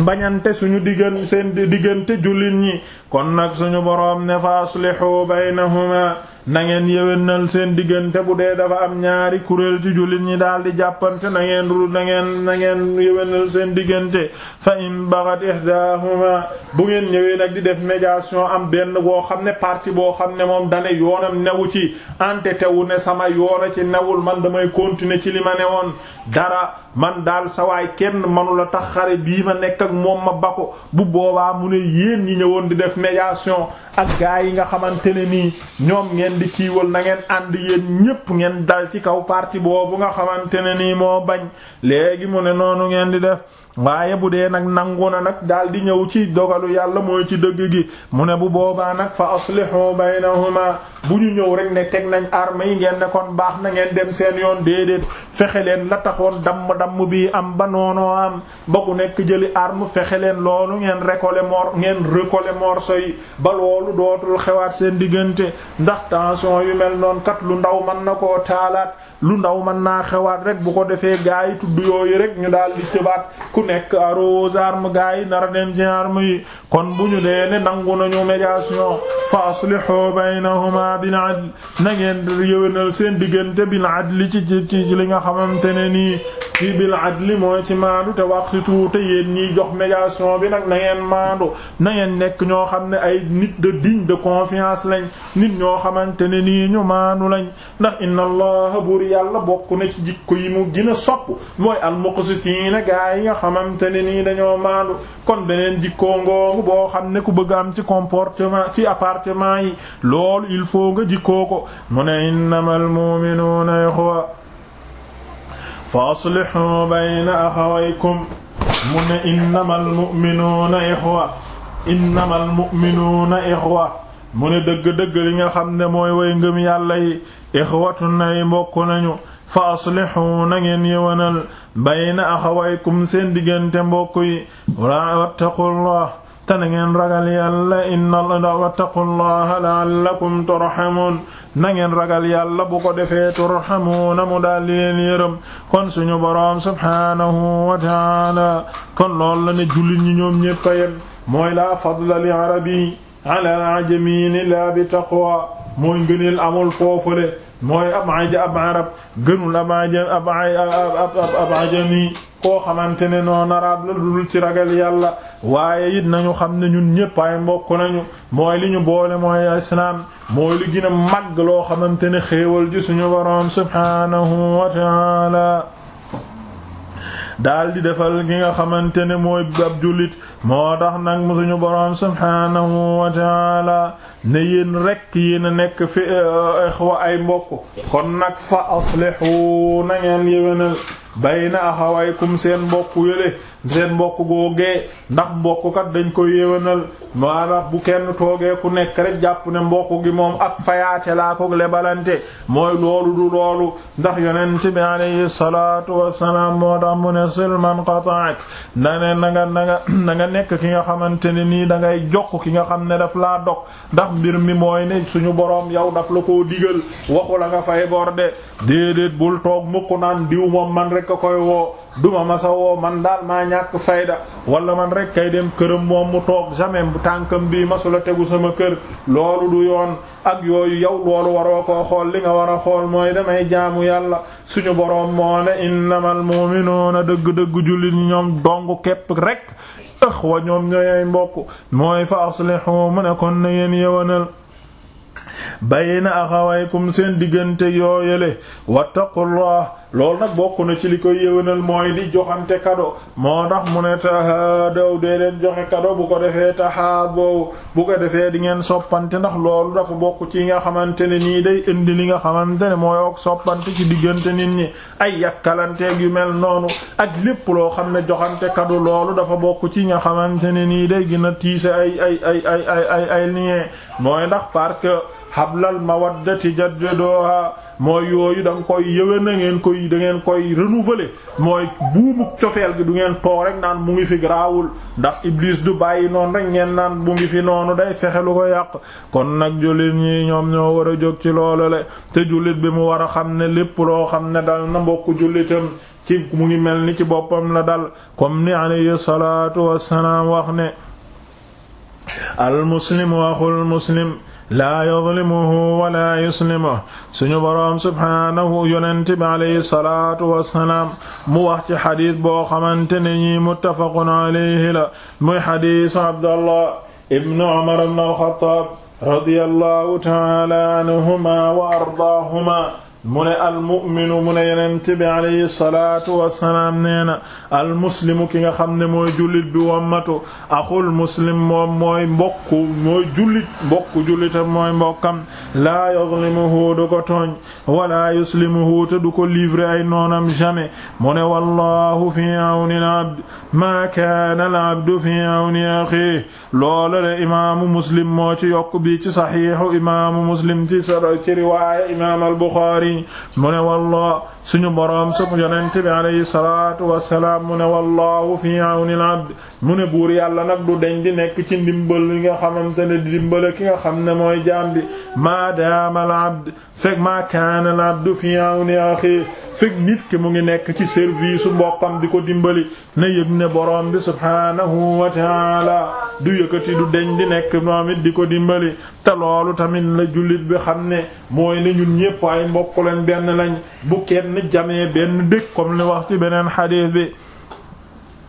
[SPEAKER 1] mbañante suñu diggan seen diggante jullit ñi kon nag suñu boroom ne fa aslihu baynahuma na ngeen yéwénal seen diggante bu dee dafa am ñaari kuréel ci jullit ñi daal di jàppante na ngeen ru na ngeen na ngeen seen diggante fa in baghat ihdahuma bu ngeen ñëwee nag di def médiation am benn boo xam ne parti boo xam ne moom dane yoonam newu ci entêté wu ne sama yoona ci newul man damay continuer ci li ma newoon dara man daal sawaay kenn manula tax xare bii ma nekk ak moom ma bakku bu boobaa mu ne yéen ñi ñëwoon di def médiation ak gaa yi nga xamante ne nii ñoom ngeen di kiiwol na ngeen ànd yéen ñépp ngeen dal ci kaw parti boobu nga xamante ne nii moo bañ léegi mu ne noonu ngeen di def waaye bu dee nag nangu na nag daal di ñëw ci dogalu yàlla mooy ci dëgg gi mu ne bu boobaa nag fa aslihu baynahuma bu ñu ñëw rek ne teg nañ armes yi ngeen ne kon baax na ngeen dem seen yoon déedéet fexe leen la taxoon damm-damm bii am ba noonoo am ba ku nekk jëli arme fexe leen loolu ngeen récoler mor ngeen récoler morceau yi ba loolu dootul xewaat seen diggante ndax tension yu mel noonu kat lu ndaw mën na koo taalaat lu ndaw man naa xewaat rek bu ko defee gaa yi tudd yooyu rek ñu daal di tëbaat ku nekk arrose arme gaa yi nara den ci arme yi kon bu ñu dee ne nangu nañu médiation fa bil adl na ngeen yëwénal seen diggante bil adli ci ci ci li nga xamante ne nii fi bil adli mooy ci maandu te waqsitu te yéen ñiy jox médiation bi nag na ngeen maandu nekk ñoo xam ne ay nit de digne de confiance lañ nit ñoo xamante ne nii ñu maandu lañ ndax inna allah buur yàlla bokk na ci jikko yi mu gën a sopp mooy al muqsitiina gaa yi nga xamante ne nii dañoo maandu kon beneen jikkoo ngoogu boo xam ne ku bëgg am ci comportement ci appartement yi loolu il faut nga jikkoo ko mu ne innamal mu'minuuna ikhwa fa aslihu bayna axawaykum mu ne innamal mu'minuuna ixwa innamal mu'minuuna ixwa mu ne dëgg-dëgg li nga xam ne mooy way ngëm yàlla yi ixwatun ay mbokk nañu fa aslihu na ngeen yëwanal bayna axawaykum seen diggante mbokk yi wattaqullah te na ngeen ragal yàlla inna wattaqullaha la'allakum turhamun na ngeen ragal yàlla bu ko defee turhamuuna mu daal di leen yërëm kon suñu boroom subhaanahu wa ta'ala kon loolu la ne jullit ñi ñoom ñépp a yem mooy laa fadla li arabi ala ajamiin illa bi taqwa mooy ngëneel amul foofale mooy ab aja ab arab gënul ab aja ab ab ajami koo xamante ne noon arab la dul ci ragal yàlla waaye it nañu xam ne ñun ñëpp ay mbokk nañu mooy li ñu boole mooy islaam mooy li gën a loo xamante ne xéewal ji suñu boroom subhaanahu wa taala daal di defal ki nga xamante ne mooy ab jullit moo tax nag mu suñu boroom subhaanahu wa taala ne yéen rekk yéen a nekk fi eh, ixwa ay mbokk kon nag fa aslihu na ngeen yéwénal bayna axawaykum seen mbokk yële seen mbokk googee ndax mbokk dañ ko yéwénal maanaam bu kenn toogee ku nekk rek jàpp ne mbokk gi moom ak fayaate laa ko lebalante mooy loolu du loolu ndax yonent bi alayhi salaatu wassalaam moo tax mu ne silman qata'ak na ne nga nekk ki nga xamante ne nii da ngay jokk ki nga xam ne daf laa dog ndax mbir mi mooy ne suñu boroom yow daf la koo digal waxu la nga fay bor de déedéet bul toog mukk naan diw moom man rek koy woo duma masa woo man daal maa ñàkk fayda wala man rek kay dem këram moom mu toog jamais bu tànkam bii masula tegu sama kër loolu du yoon ak yooyu yow loolu waroo koo xool li nga war xool mooy damay jaamu yàlla suñu boroom moo ne innamal mu'minuuna dëgg-dëgg jullit ñoom dong képp rek axwa ñoom ñooy mbokk mooy fa aslihu mu ne kon na yéen yewanal bayna axawaykum seen diggante yooyele wattaqullah loolu nag bokk na ci li koy yéwénal mooy di joxante kado moo tax mu ne tahaadaw dee leen joxe kado bu ko defee tahaaboo bu ko defee di ngeen soppante ndax loolu dafa bokk ci nga xamante ne nii day indi li nga xamante ne mooy ak soppante ci diggante nit ñi ay yàkkalanteeg yu mel noonu ak lépp loo xam ne joxante kado loolu dafa bokk ci nga xamante ne nii day gën a tiise ay ay ay ay ay ay ay mooy ndax parce hablal mawaddati jaddadooha mooy yooyu da nga koy yëwén na ngeen koy dangeen koy renouveler mooy buumu cofeel gi du ngeen toog rek naan mu ngi fi garaawul ndax iblis du bàyyi noonu rek ngeen naan mu ngi fi noonu day fexeelu ko yàq kon nag jullit ñi ñoom ñoo war a jóg ci loolu le te jullit bi mu war a xam ne lépp loo xam ne dal na mbokku jullitam ci mu ngi mel ni ci boppam la dal comme ni alayhi salaatu wassalaam wax ne al muslimu muslim laa yadlimuhu wa laa yuslimuhu suñu boroom subhaanahu yonente bi alayhi salaatu wassalaam mu wax ci xadiis boo xamante ne ñi muttafaqun alayhi la muy xadiisu Abdallah ibnu Umar ibnu al-Xattaab radiyallahu ta'aala anhumaa wa ardaahuma mu ne almuminu mu ne yenente wassalaam nee na ki nga xam ne mooy jullit bi wammatu axul muslim moom mooy mbokku mooy jullit mbokku jullita mooy mbokkam laa yuzlimuhu du ko tooñ wala yuslimuhu te du ko livrer ay noonam jamais mu ne fi awni al abd kaana al abdu fi awni axi loola le muslim moo ci yokk bi ci saxiixu imaamu muslim ci riwaaya imaam al yi mu ne walla suñu boroom sub yonent bi alayhi salaatu wassalaam mu ne wallahu fi awni mu ne buur yàlla nag du deñ di nekk ci ndimbal li nga xamante ne di dimbale ki nga xam ne mooy jaam bi maa daama al fekk maa kaana al-abd fi fekk nit ki mu ngi nekk ci service su mbokkam di ko dimbali na yëg ne boroom bi subhaanahu wa du yëkkati du deñ di nekk moom it di ko dimbali te loolu tamit la jullit bi xam ne mooy ne ñun ñépp ay mbokk lañ benn lañ bu benn jamee benn dëkk comme li wax ci beneen xadiis bi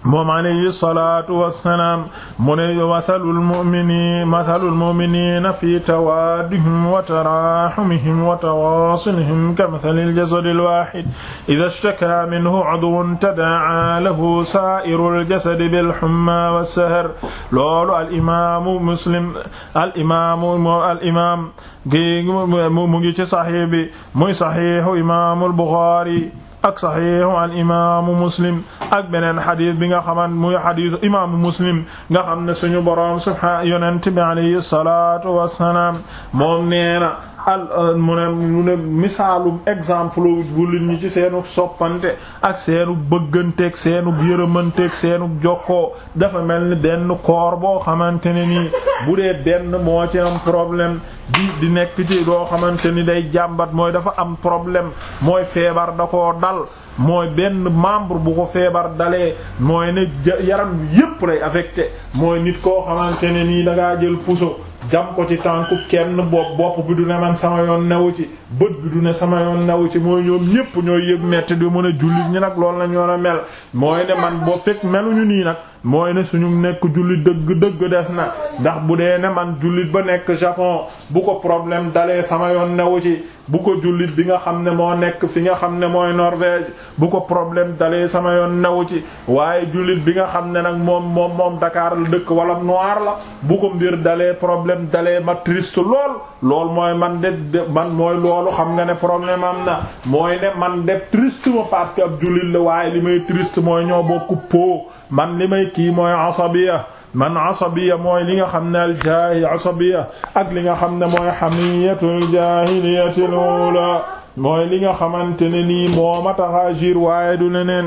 [SPEAKER 1] moom alayhi salaatu wassalaam mu ne mathalul mu'miniina mathalul mu'miniina fi tawaadihim wa taraahumihim wa tawaasulihim kamathalil jasadil waahid idhaa ishtakaa minhu 'udwun tadaa'aa lahu saa'irul jasadi bil hummaa was-sahar loolu al imaamu muslim al imaamu al imaam mu ngi ci saxiix bi muy saxiixu imaamul buxaari ak saxiixu al imaamu muslim ak beneen xadis bi nga xamant muy xadisu imaamu muslim nga xam ne suñu boroom subhaanahu yonent bi alayhi salaatu wassalaam moom neena al euh, mu ne misaalum exemple bu lit ñi ci seenu soppante ak seenu bëgganteeg seenu yërëmanteeg seenu jokkoo dafa mel ni benn koor boo xamante ne nii bu dee benn moo ci am problème di di nekk ci doo xamante ni day jàmbat mooy dafa am problème mooy feebar da koo dal mooy benn membre bu ko feebar dalee mooy ne yaram yépp lay affecté mooy nit koo xamante ne nii dangaa jël puso jam ko ci tànku kenn bopp bopp bi du ne man sama yoon newu ci bët bi du ne sama yoon newu ci mooy ñoom ñépp ñooy yëg metti bi mën a jullit ñi nag loolu la ñu war a mel mooy ne man boo fekk meluñu nii nag mooy ne suñu nekk jullit dëgg-dëgg des na ndax bu dee ne man jullit ba nekk Japon bu ko problème dalee sama yoon newu ci bu ko jullit bi nga xam ne moo nekk fi nga xam ne mooy Norvège bu ko problème dalee sama yoon newu ci waaye jullit bi nga xam ne nag moom moom moom dakaar la dëkk wala noir la bu ko mbir dalee problème dalee ma triste lool lool mooy man de man mooy loolu xam nga ne problème am na mooy ne man de triste ma parce ab jullit la waaye li may triste mooy ñoo bokk po man li may kii mooy asabiya man asabiya mooy li nga xam ne aljaahi asabiya ak li nga xam ne mooy hamiyatul jaahiliyatil ula mooy li nga xamante ne nii moo ma tax a agir waaye du leneen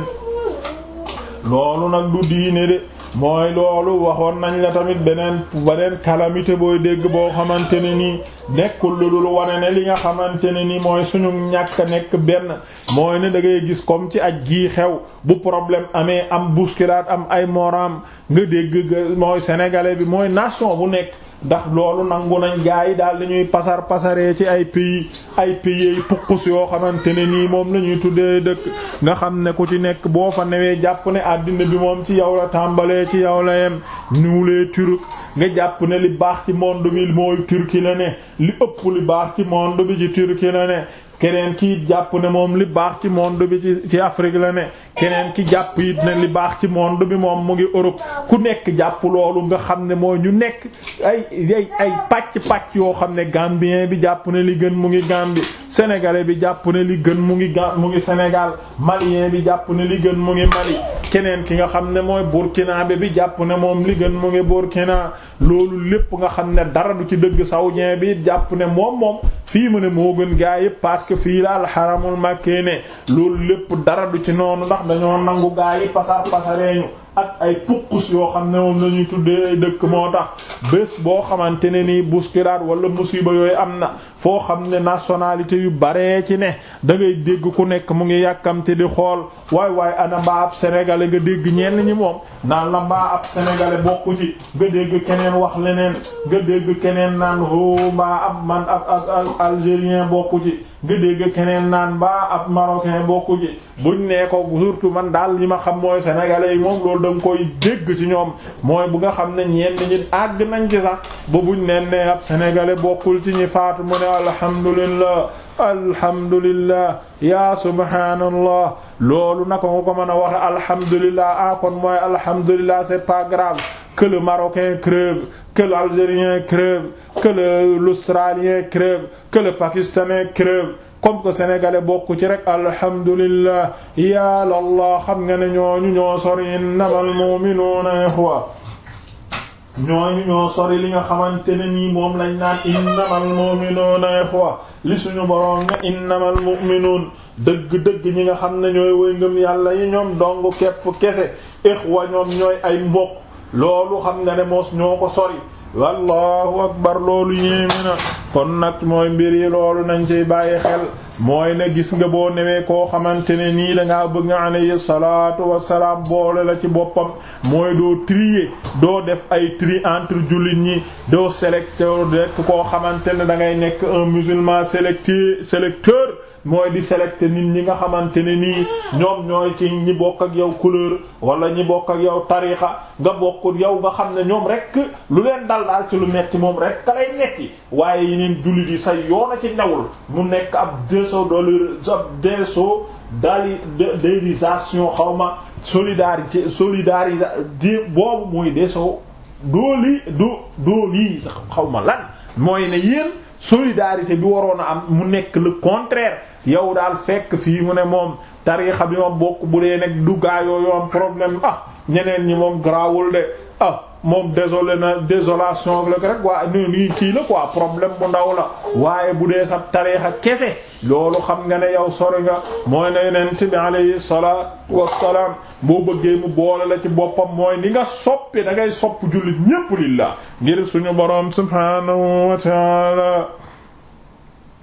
[SPEAKER 1] loolu nag du diine de mooy loolu waxoon nañ la tamit beneen beneen calamité booy dégg boo xamante ne nii nekkul lu dul wane ne li nga xamante ne nii mooy suñu ñàkk nekk benn mooy ne da ngay gis comme ci aj gii xew bu problème amee am bousculade am ay moram nga dégg mooy sénégalais bi mooy nation bu nekk ndax loolu nangu nañ gaa yi daal li ñuy pasar pasaree ci ay pays ay pays pukkus yoo xamante ne nii moom la ñuy tuddee dëkk nga xam ne ku ci nekk boo fa newee jàpp ne àddina bi moom ci yow la tàmbalee ci yow la yem nuulee turc nga jàpp na li baax ci monde bi mooy Turquie na ne li ëpp li baax ci monde bi ci Turquie la ne keneen ki it jàpp ne moom li baax ci monde bi ci ci Afrique la ne keneen ki jàpp it ne li baax ci monde bi moom mu ngi orop ku nekk jàpp loolu nga xam ne mooy ñu nekk ay ay ay pàcc-pàcc yoo xam ne Gambien bi jàpp ne li gën mu ngi Gambie Sénégalais bi jàpp ne li gën mu ngi Gambie mu ngi Sénégal Malien bi jàpp ne li gën mu ngi Mali keneen ki nga xam ne mooy burkinabé bi jàpp ne moom li gën mu ngi Burkina loolu lépp nga xam ne dara du ci dëgg saoudien bi jàpp ne moom fii mu ne gën gaa yépp parce fii daal xaramul màkkee ne loolu lépp dara du ci noonu ndax dañoo nangu gaa yi pasar pasareeñu ak ay puqus yoo xam ne moom lañuy tuddee dëkk moo tax bés boo xamante ne nii buskiraat wala musiba yooyu am na foo xam ne nationalité yu baree ci ne da ngay dégg ku nekk mu ngi yàkkamte di xool waay waaye ana mbaa ab sénégalais nga dégg ñenn ñi moom naan la mbaa ab sénégalais bokku ci nga dégg keneen wax leneen nga dégg keneen naan ho mbaa ab man ab algérien bokku nga dégg keneen naan ba ab marocain bokku ji buñ nee ko surtout man daal li ma xam mooy sénégalais yi moom loolu da koy dégg ci ñoom mooy bu nga xam ne ñenn ñi àgg nañ ci sax ba buñ neen ne ab sénégalais bokkul ci ñi faatu mu ne alhamdulillah alhamdulillah yaa subhanallah loolu na ko nga ko mën a waxe alhamdulillah ah kon mooy alhamdulillah c'est pas grave que le Marocain crève, que l'Algérien crève, que l'Australien crève, que le Pakistanais crève comme que sénégalais bokk ci rek alhamdulillah yàllallah xam nga ne ñooñu ñoo sori innamal mu'minuuna ixwa ñooñu ñoo sori li nga xamante ni nii moom lañ naan innamal mu'minuuna ixwa li suñu boroom ne innamal mu'minuun dëgg-dëgg ñi nga xam ne ñooy woy yàlla yi ñoom dong kepp kese ixwa ñoom ñooy ay mbokk loolu xam nga ne moos ñoo ko sori wallahu akbar loolu yéeme na kon nag mooy mbir yi loolu nañ ciy bàyyi xel mooy na gis nga boo newee koo xamante ne nii dangaa bëgg alayhi salaatu wassalaam boole la ci boppam mooy doo trier doo def ay tri entre jullit ñi doo sélecteur rek koo xamante ne da ngay nekk un musulman sélecteur sélecteur mooy di sélecté nit ñi nga xamante ne nii ñoom ñooy ci ñi bokk ak yow couleur wala ñi bokk ak yow tarixa nga bokk yow ba xam ne ñoom rek lu leen dal daal ci lu metti moom rek ka lay metti waaye yeneen jullit yi sa yoona ci newul mu nekk ab deso dolleur ab deso xaw ma solidari solidarité solidarité boobu muy deso dooli do xaw ma lan mooy ne yéen solidarité bi waroon a am mu nekk le contraire yow daal fekk fii mu ne moom tariixa bi ma bokk bu dee nekk du gaayoo yoo am problème ah ñeneen ñi moom garaawul de ah moom désolé na désolation la rek waa ni kii la quoi problème bu ndaw la waaye bu dee sa tariixa kese loolu xam nga ne yow sori nga mooy ne yonent bi alayhi salaatu wassalaam boo bëggee mu boole la ci boppam mooy ni nga soppi da ngay sopp jullit ñépp lillah ngir suñu boroom subhaanahu wa ta'ala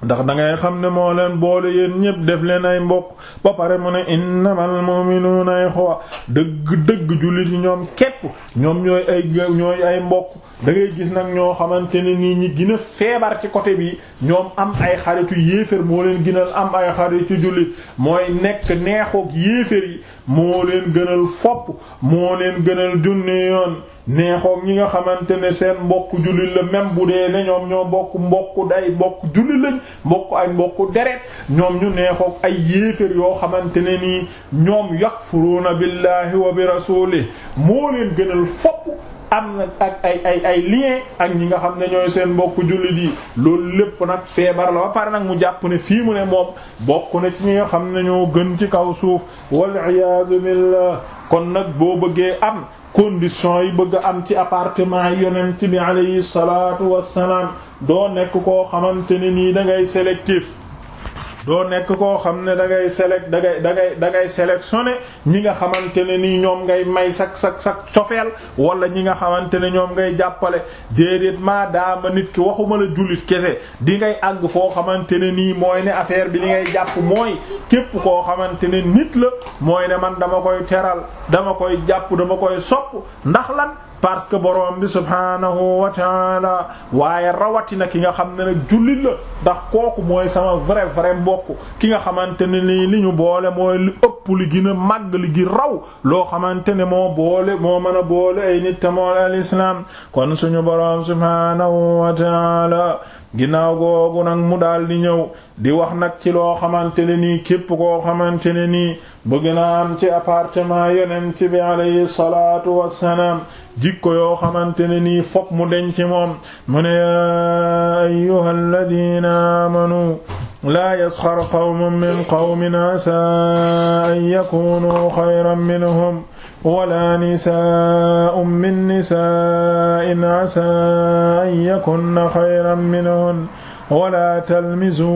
[SPEAKER 1] ndax dangay xam ne moo leen boole yéen ñépp def leen ay mbokk ba pare mu ne moom innamal mu'minuuna ixwa dëgg dëgg jullit yi ñoom képp ñoom ñooy ay ñooy ay mbokk da ngay gis nag ñoo xamante ni nii ñi gina a feebar ci côté bi ñoom am ay xaritu yéefér moo leen gënal am ay xaritu jullit mooy nekk neexoog yéefér yi moo leen gënal fopp moo leen gënal junni yoon neexoog ñi nga xamante ne seen mbokk jullit la même bu dee ne ñoom ñoo bokk mbokk day mbokk jullit lañ mbokk ay mbokk deret ñoom ñu neexoog ay yéefér yoo xamante ne nii ñoom yakfuruuna billahi wa bi rasulih moo leen gënal fopp am na ak ay ay ay lien ak ñi nga xam ne ñooy seen mbokk jullit yi loolu lépp nag feebar la ba pare nag mu jàpp ne fii mu ne moom bokk na ci ñi nga xam ne ñoo gën ci kaw suuf wal iyaadu billah kon nag boo bëggee am condition yi bëgg am ci appartement yi yonent bi alayhi salaatu wassalaam doo nekk koo xamante ne nii da ngay sélectif doo nekk koo xam ne da ngay select da ngay da ngay da ngay sélectionné ñi nga xamante ne nii ñoom ngay may sak sak sak cofeel wala ñi nga xamante ne ñoom ngay jàppale déedéet maa daama nit ki waxuma la jullit kese di ngay àgg foo xamante ne nii mooy ne affaire bi li ngay jàpp mooy képp koo xamante ne nit la mooy ne man dama koy teral dama koy jàpp dama koy sopp ndax lan parce que borom bi subhaanahu wa taala waaye rawatina ki nga xam ne nag jullit la ndax kooku mooy sama vrai vrai mbokk ki nga xamante ne nii li ñu boole mooy li ëpp li gën a màgg li gi raw loo xamante ne moo boole moo mën a boole ay nit moo al islam kon suñu borom subhaanahu wa taala ginnaaw googu nag mu daal di ñëw di wax nag ci loo xamante ne nii képp koo xamante ne nii bëgg naa am ci appartement yonent bi alayhi salaatu wassalaam jikko yoo xamante ne nii fokk mu denc moom mu ne yaa ayyuha alladina aamanu laa yasxar qawmun min qawmin asaa an yakunuu xayran minhum wala nisaa'un min nisaa'in asaa an yakunna xayran minhun wala talmizu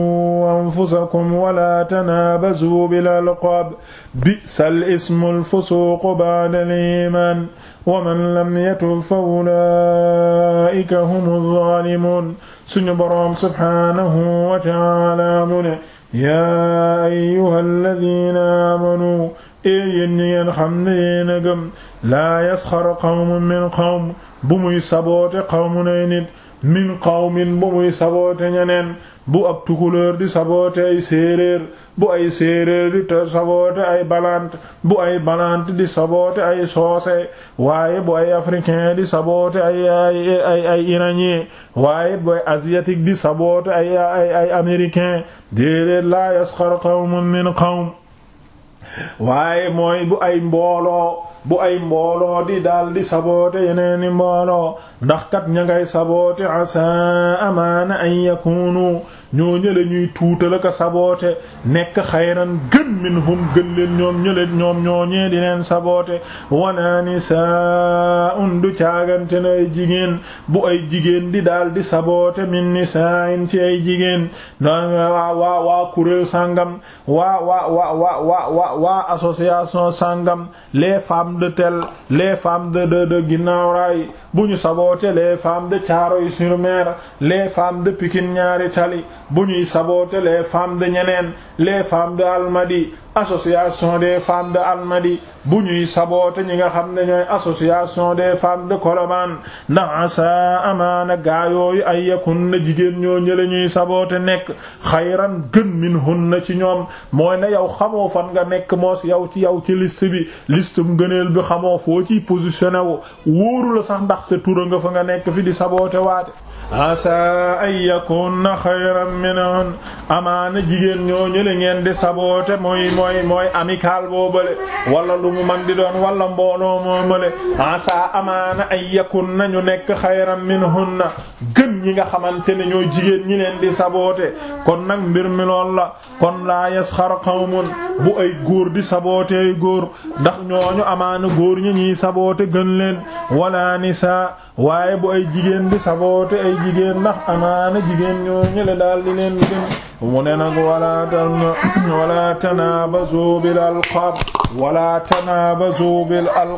[SPEAKER 1] anfusakum wala tanaabazu bil alqaab bi'sal ismul fusuuqu ba'dal iimaan wa man lam yatub fa ulaa'ika humuz zaalimuun suñu boroom subhaanahu wa ta'aala mu ne yaa ayyuhal laziina aamanuu yéen ñi ngeen xam ne yéen a gëm laa yasxar qawmun min qawm bu muy saboote qawmu nay nit min qawmin bu muy saboote ñeneen bu ab tukulóor di saboote ay séeréer bu ay séeréer di te saboote ay balant bu ay balant di saboote ay soose waaye bu ay africain di saboote ay ay waaye bu ay asiatique di saboote ay ay ay laa yasxar qawmun min qawm waaye mooy bu ay mbooloo bu ay mbooloo di daal di saboote yeneeni mbooloo ndax kat ña ngay saboote asaa amaana an yakunu ñoo ñële ñuy tuutal ka saboote nekk xayran gën minhum gën leen ñoom ñële ñoom ñooñee saboote wana nisaa'un du caagante ay jigéen bu ay jigéen di daal di saboote min nisaa'in ci ay jigéen noon waa waa waa kuréel sàngam waa waa waa waa waa waa association sangam les femmes de tel les femmes de de de ginnaaw raay bu ñu saboote les femmes de Thiaroye-sur-Mer les femmes de Pikine ñaari tali bu ñuy saboter les femmes de ñeneen les femmes de Almadies association des femmes de Almadies bu ñuy saboter ñi nga xam ne ñooy association des femmes de Colobane ndax asa amaana gaa yooyu ay yakun na jigéen ñoo ñële ñuy saboote nekk xayran gën min hun na ci ñoom mooy na yow xamoo fan nga nekk moos yow ci yow ci liste bi liste mu gëneel bi xamoo foo ciy positionné wu wóoru la sax ndax sa tura nga fa nga nekk fi di saboter waate asaa an yakunna xayran minhun amaana jigéen ñoo ñële ngeen di saboote mooy mooy mooy amical boobale wala lu mu man di doon wala mbooloo moomale asaa amaana an yakunna ñu nekk xayran minhunna gën ñi nga xamante ne ñooy jigéen ñi leen di saboote kon nag mbir mi lool la kon laa yasxar qawmun bu ay góor di saboote ay góor ndax ñu amaana góor ñi ñiy saboote gën leen wala nisaa waaye bu ay jigéen di saboote ay jigéen ndax amaana jigéen ñoo ñële daal di leen gën mu ne nag wala tan wala tanabazu bil alqab wala tanabazu bil alqab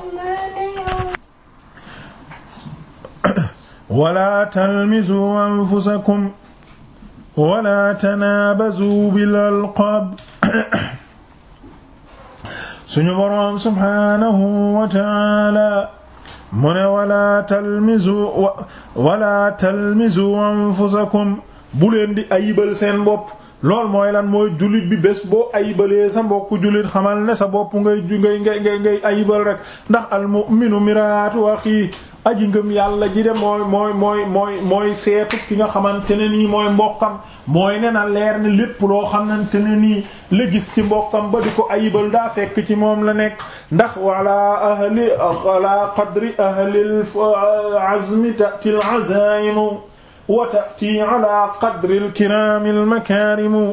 [SPEAKER 1] wala talmizu anfusakum wala tanaabazu bil alqab suñu boroom subhaanahu wa ta'aala mu ne wala talmizu wala talmizu anfusakum bu leen di ayibal seen bopp lool mooy lan mooy jullit bi bés boo ayibalee sa mbokk jullit xamal ne sa bopp ngay ngay ngay ngay ayibal rek ndax al mu'minu miraatu axi aji ngëm yàlla ji de mooy mooy mooy mooy mooy seetu ki nga xamante ne nii mooy mbokkam mooy ne na leer ne lépp loo xamante ne nii la gis ci mbokkam ba di ko ayibal daa fekk ci moom la nekk ndax walaa ahli ala qadri ahlil azmi tati l azaimu wa tati ala qadri l kirami l makarimu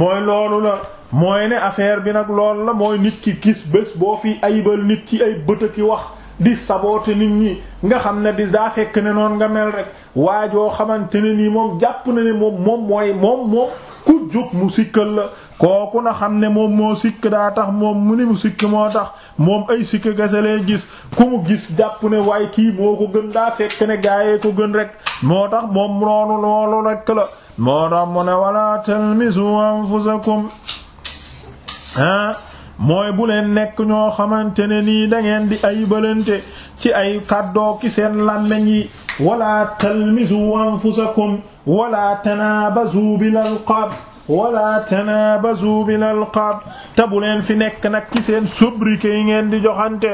[SPEAKER 1] mooy loolu la mooy ne affaire bi nag loolu la mooy nit ki gis bés boo fi ayibal nit ci ay bëtëki wax di saboote nit ñi nga xam ne di daa fekk ne noonu nga mel rek waajoo xamante ne nii moom jàpp na ne moom moom mooy ku jóg mu sikkal la kooku na xam ne moom moo sikk daa tax moom mu ni mu sikk moo tax moom ay sikk gese lay gis ku mu gis jàpp ne waaye kii moo ko gën daa fekk ne gaayee ko gën rek moo tax moom noonu loolu rek la moo tax mu ne wala talmisu anfusakum ah mooy bu nekk ñoo xamante ne nii dangeen di ay balante ci ay kàddoo ki seen làmmeñ yi wala talmizu anfusakum wala tanabazu bil alqab wala tanabazu bil alqab te bu leen fi nekk nag ci seen sobriquet yi ngeen di joxante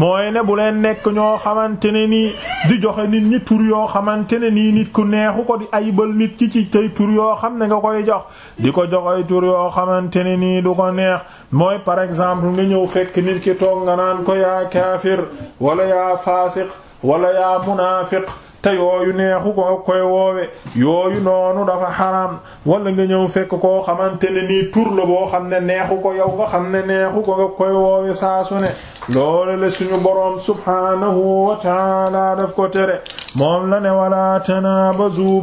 [SPEAKER 1] mooy ne bu leen nekk ñoo xamante ne nii di joxe nit ñi tur yoo xamante ne nii nit ku neexu ko di ayibal nit ki ci tey tur yoo xam ne nga koy jox di ko joxay tur yoo xamante ne nii du ko neex mooy par exemple nga ñëw fekk nit ki toog nga naan ko yaa kaafir wala yaa faasiq wala yaa munaafiq te yooyu neexu ko koy woowe yooyu noonu dafa xaraam walla nga ñëw fekk koo xamante ne nii tur la boo xam ne neexu ko yow nga xam ne neexu ko koy woowe saa su ne loolu la suñu boroom subhaanahu wa taala daf ko tere moom la ne wala tanabazu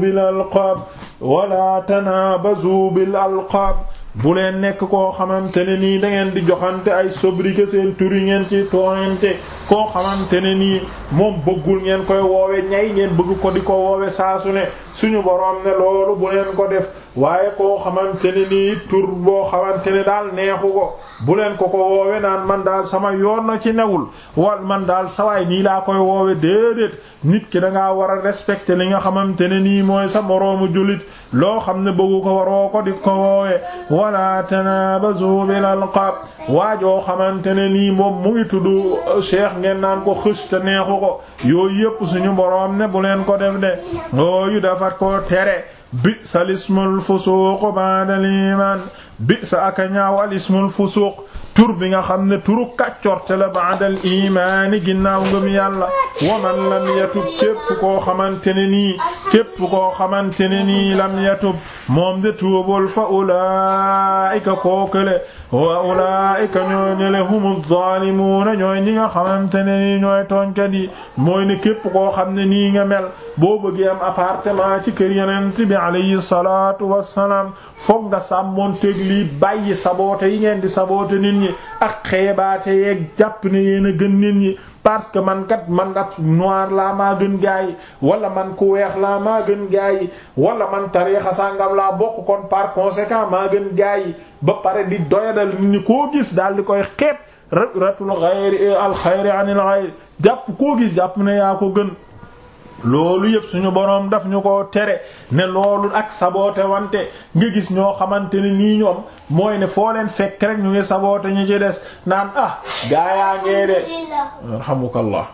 [SPEAKER 1] bil alqaab bu leen nekk koo xamante ne nii da ngeen di joxante ay sobriquet seen turi yi ngeen ci tooñante koo xamante ne nii moom bëggul ngeen koy woowe ñay ngeen bëgg ko di ko woowe su ne suñu boroom ne loolu bu leen ko def waaye koo xamante ne nii tur boo xamante daal neexu ko bu leen ko ko woowe naan man daal sama yoon na ci newul wal man daal sawaay nii laa koy woowe déedéet nit ki da ngaa war a respecter li nga xamante ne nii mooy sa moroomu julit loo xam ne bëggu ko waroo ko dif ko woowe wala tanabazu bil alqab waajoo xamante ne nii moom mu ngi tudd euh, cheikh ngeen naan ko xës te neexu ko yooyu yëpp suñu boroom ne bu leen ko def de yooyu dafa ko tere bi'sa al ismul fusuuq ba'da al iimaan bi'sa aka ñaaw al ismul fusuuq tur bi nga xam ne turu kàccorte la baadal imaani ginnaaw ngëm yàlla waman lam yatub képp koo xamante ne nii képp koo xamante ne nii lam yatub moom de tuubul fa ulaa'ika kookale wa ulaa'ika ñooy ñele humu zaalimuuna ñooy ñi nga xamante ne nii ñooy tooñkat yi mooy ne képp koo xam ne nii nga mel boo bëggee am appartement ci kër bi alayhi salaatu wassalaam foog nga sàmmoon teg lii bàyyi yi ngeen di saboote nit ñi yi ak xeebaate yeeg jàpp ne yéen gën nit ñi parce que man kat man ab noir laa maa gën gaa yi wala man ku weex laa ma gën gaa yi wala man tariixa sàngam laa bokk kon par conséquent maa gën gaa yi ba pare di doyadal nit ñi koo gis daal di koy xeeb ratul xayri al xayri anil jàpp koo gis jàpp ne yaa ko gën loolu yëpp suñu boroom daf ñu ko tere ne loolu ak saboote wante nga gis ñoo xamante ni nii ñoom mooy ne foo leen fekk rek ñu ngi saboote ñu ci des naan ah gaayaa de alhamdulilah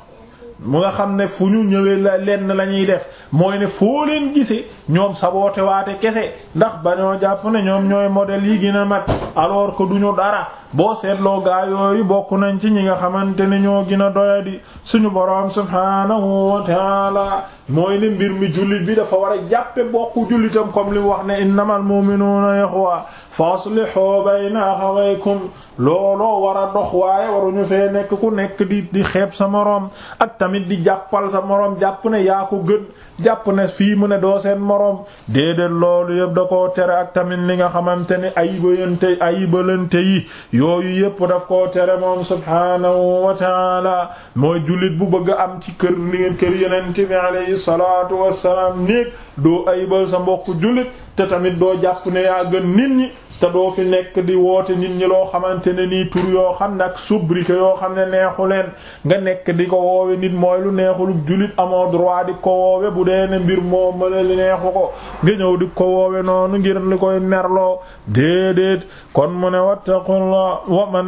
[SPEAKER 1] mu nga xam ne fu ñu ñëwee la lenn la ñuy def mooy ne foo leen gisee ñoom saboote waate kese ndax bañoo jàpp ne ñoom ñooy modèle yi gën a mat aloor ko duñu dara boo seetloo gaa yooyu bokk nañ ci ñi nga xamante ne ñoo gën a doyadi suñu boroom subhaanahu wa taala mooy ne mbir mi jullit bi dafa war a jàppe bokku jullitam kom li wax ne innamal mu'minuuna ixwa fa aslihu bayna axawaykum looloo war a dox waaye waruñu fee nekk ku nekk di di xeeb sa moroom ak tamit di jàppal sa moroom jàpp ne yaaku ko gën jàpp ne fii mu ne doo seen moroom déedéet loolu yëpp da koo tere ak tamit li nga xamante ne ayibayante ayibalante yi yooyu yëpp daf koo tere moom subhaanahu wa taala mooy jullit bu bëgg am ci kër li ngeen kër yenente alayhi salaatu wassalaam néeg doo ayibal sa mbokk jullit te tamit doo jàpp ne yaa gën nit ñi te doo fi nekk di woote nit ñi loo xamante ne nii tur yoo xam ne ak sobriquet yoo xam ne neexu leen nga nekk di ko woowe nit mooy lu neexul jullit amoo droit di ko woowe bu dee ne mbir moo mala li neexu ko nga ñëw di ko woowe noonu ngir li koy merloo déedéet kon mu ne wattaqullah wa man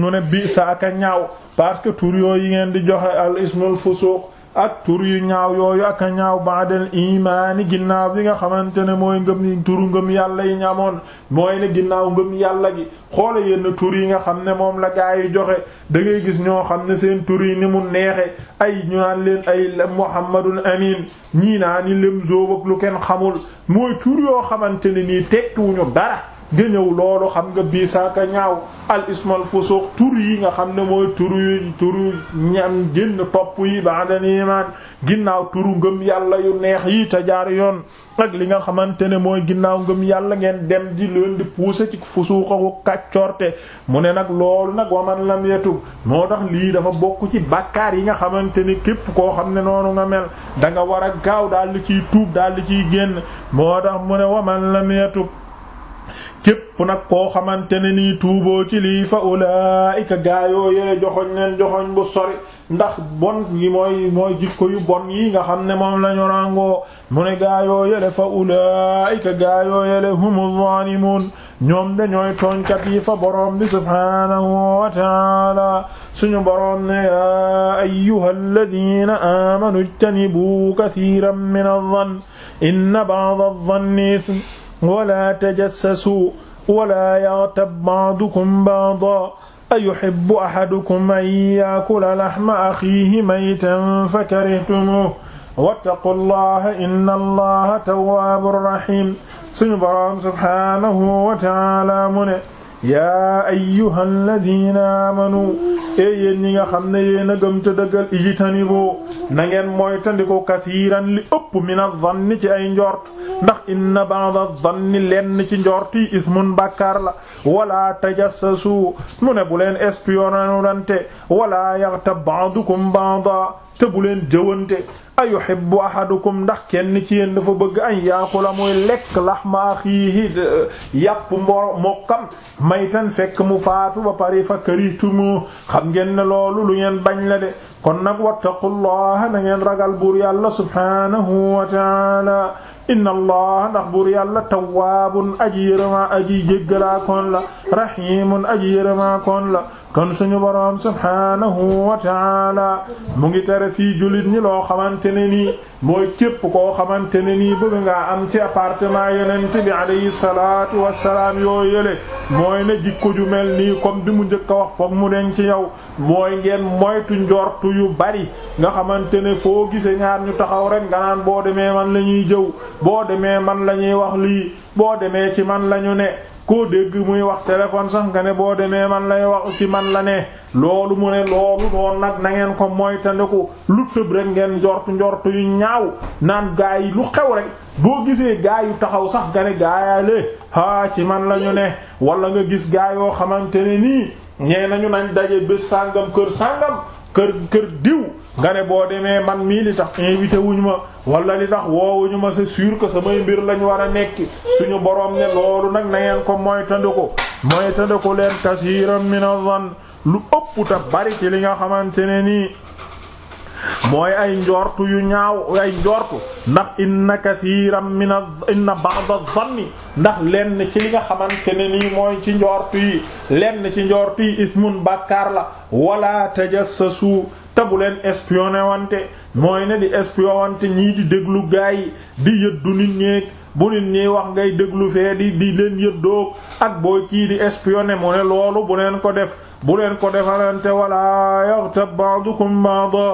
[SPEAKER 1] mu ne bi sa aka ñaaw parce que tur yoo yi ngeen di joxe al ismul fusuq ak tur yu ñaaw yooyu ak a ñaaw baadal imaani ginnaaw bi nga xamante ne mooy ngëm yi turu ngëm yàlla yi ñamoon mooy ne ginnaaw ngëm yàlla gi xoole yenn tur yi nga xam ne moom la gaa yi joxe da ngay gis ñoo xam ne seen tur yi ni mu neexe ay ñu naan leen ay muhammadul amin ñii naa ni lem zoob ak lu kenn xamul mooy tur yoo xamante ne nii tekkiwuñu dara nga ñëw loolu xam nga bii saaka ñaaw al ismal fusuq tur yi nga xam ne mooy tur tur turu ñam génn topp yi ba'da iman ginnaaw tur ngëm yàlla yu neex yii te jaar yoon ak li nga xamante ne mooy ginnaaw ngëm yàlla ngeen dem di leen di pousser ci fusuuqaku kàccoorte mu ne nag loolu nag waman lam yetub moo tax lii dafa bokk ci bakkaar yi nga xamante ni képp koo xam ne noonu nga mel da nga war a gaaw daal di ciy tuub daal di ciy génn moo tax mu ne waman képp nag ko xamante ne nii tuuboo ci lii fa ulaa'ika gaayoo yele joxoñ leen joxoñ bu sori ndax bon yi mooy mooy jikko yu bon yi nga xam ne moom lañu ràngoo mu ne gaayoo yele fa ulaa'ika gaayoo yele humu zaalimuun ñoom dañooy tooñkat yi fa boroom bi subhaanahu wa ta'aala suñu boroom ne yaa ayyuhal ladiina aamanu ijtanibu kasiiran mina zanni inna ba'da zanni wala tajassasu wala yaghtab ba'dukum ba'dan ayuhibbu ahadukum an yakula lahma akhihi maytan fakarihtumuhu wattaqullaha inna allaha tawwabur rahim suñu boroom subhanahu wa ta'ala mu ne yaa ayyuhal ladina amanu e yéen ñi nga xam ne yéen a gëm te dëggal ijtanibu na ngeen mooy tandiko kasiiran li ëpp min az-zanni ci ay njort ndax inna ba'da az-zanni lenn ci njort yi ismun bàkkaar la wala tajassasu mu ne bu leen espionnante wala yaghtab ba'dukum ba'da te bu jëwante ayuhibbu ahadukum ndax kenn ci yéen dafa bëgg añ yaakula muy lekk laxma axiihi euh, yàpp mbo mokkam maytan fekk mu faatu ba pare fa karitumu xam ngeen ne loolu lu ngeen bañ la de kon nag wattaqullaha na ngeen ragal buur yàlla subhanahu wa taala inna allah ndax buur yàlla tawwaabun aji yërëmaa aji jéggalaa koon la rahimun aji yërëmaa koon la kon suñu boroom subhaanahu wa ta'ala mu ngi tere fii jullit ñi loo xamante ne nii mooy képp koo xamante ne nii bëgg ngaa am ci appartement yonent bi alayhi salaatu yoo yële mooy na jikko ju mel nii kon bi mu njëkk a wax foog mu den ci yow mooy ngeen moytu njortu yu bari nga xamante ne foo gise ñaar ñu taxaw rek nganaan naan boo demee man la ñuy jëw boo demee man la ñuy wax lii boo demee ci man la ñu ne koo dégg muy wax téléphone sax nga ne boo demee man lay wax ci man la ne loolu mu ne loolu noonu nag na ngeen ko moytandiku lu tëb rek ngeen njort njort yu ñaaw naan gaay yi lu xew rek boo gisee gaa yu taxaw sax nga ne gaayalee haa ci man la ñu ne wala nga gis gaa yoo xamante ne nii ñee nañu nañ daje bés sàngam kër sàngam kër kër diw nga boo demee man mii li tax invité wuñu ma walla li tax woowuñu ma c'est sûr que samay mbir lañu war a nekk suñu boroom ne loolu nag na ngeen ko moytandiku moytandiku leen kasiiran mina zan lu ëpp te bari ci li nga xamante ne nii mooy ay njortu yu ñaaw ay njortu ndax inna kathiran min inna ba'da zanni ndax lenn ci li nga xamante ne nii mooy ci njortu yi lenn ci njortu yi ismun bàkkaar la wala tajassasu te leen espionné wante mooy ne di espionné wante ñii di déglu gaay yi di yëddu nit ñeeg bu nit ñi wax ngay déglu fee di di leen yëddoog ak boo kii di espionné mu loolu bu leen ko def bu leen ko defalante wala yaghtab ba'dukum ba'da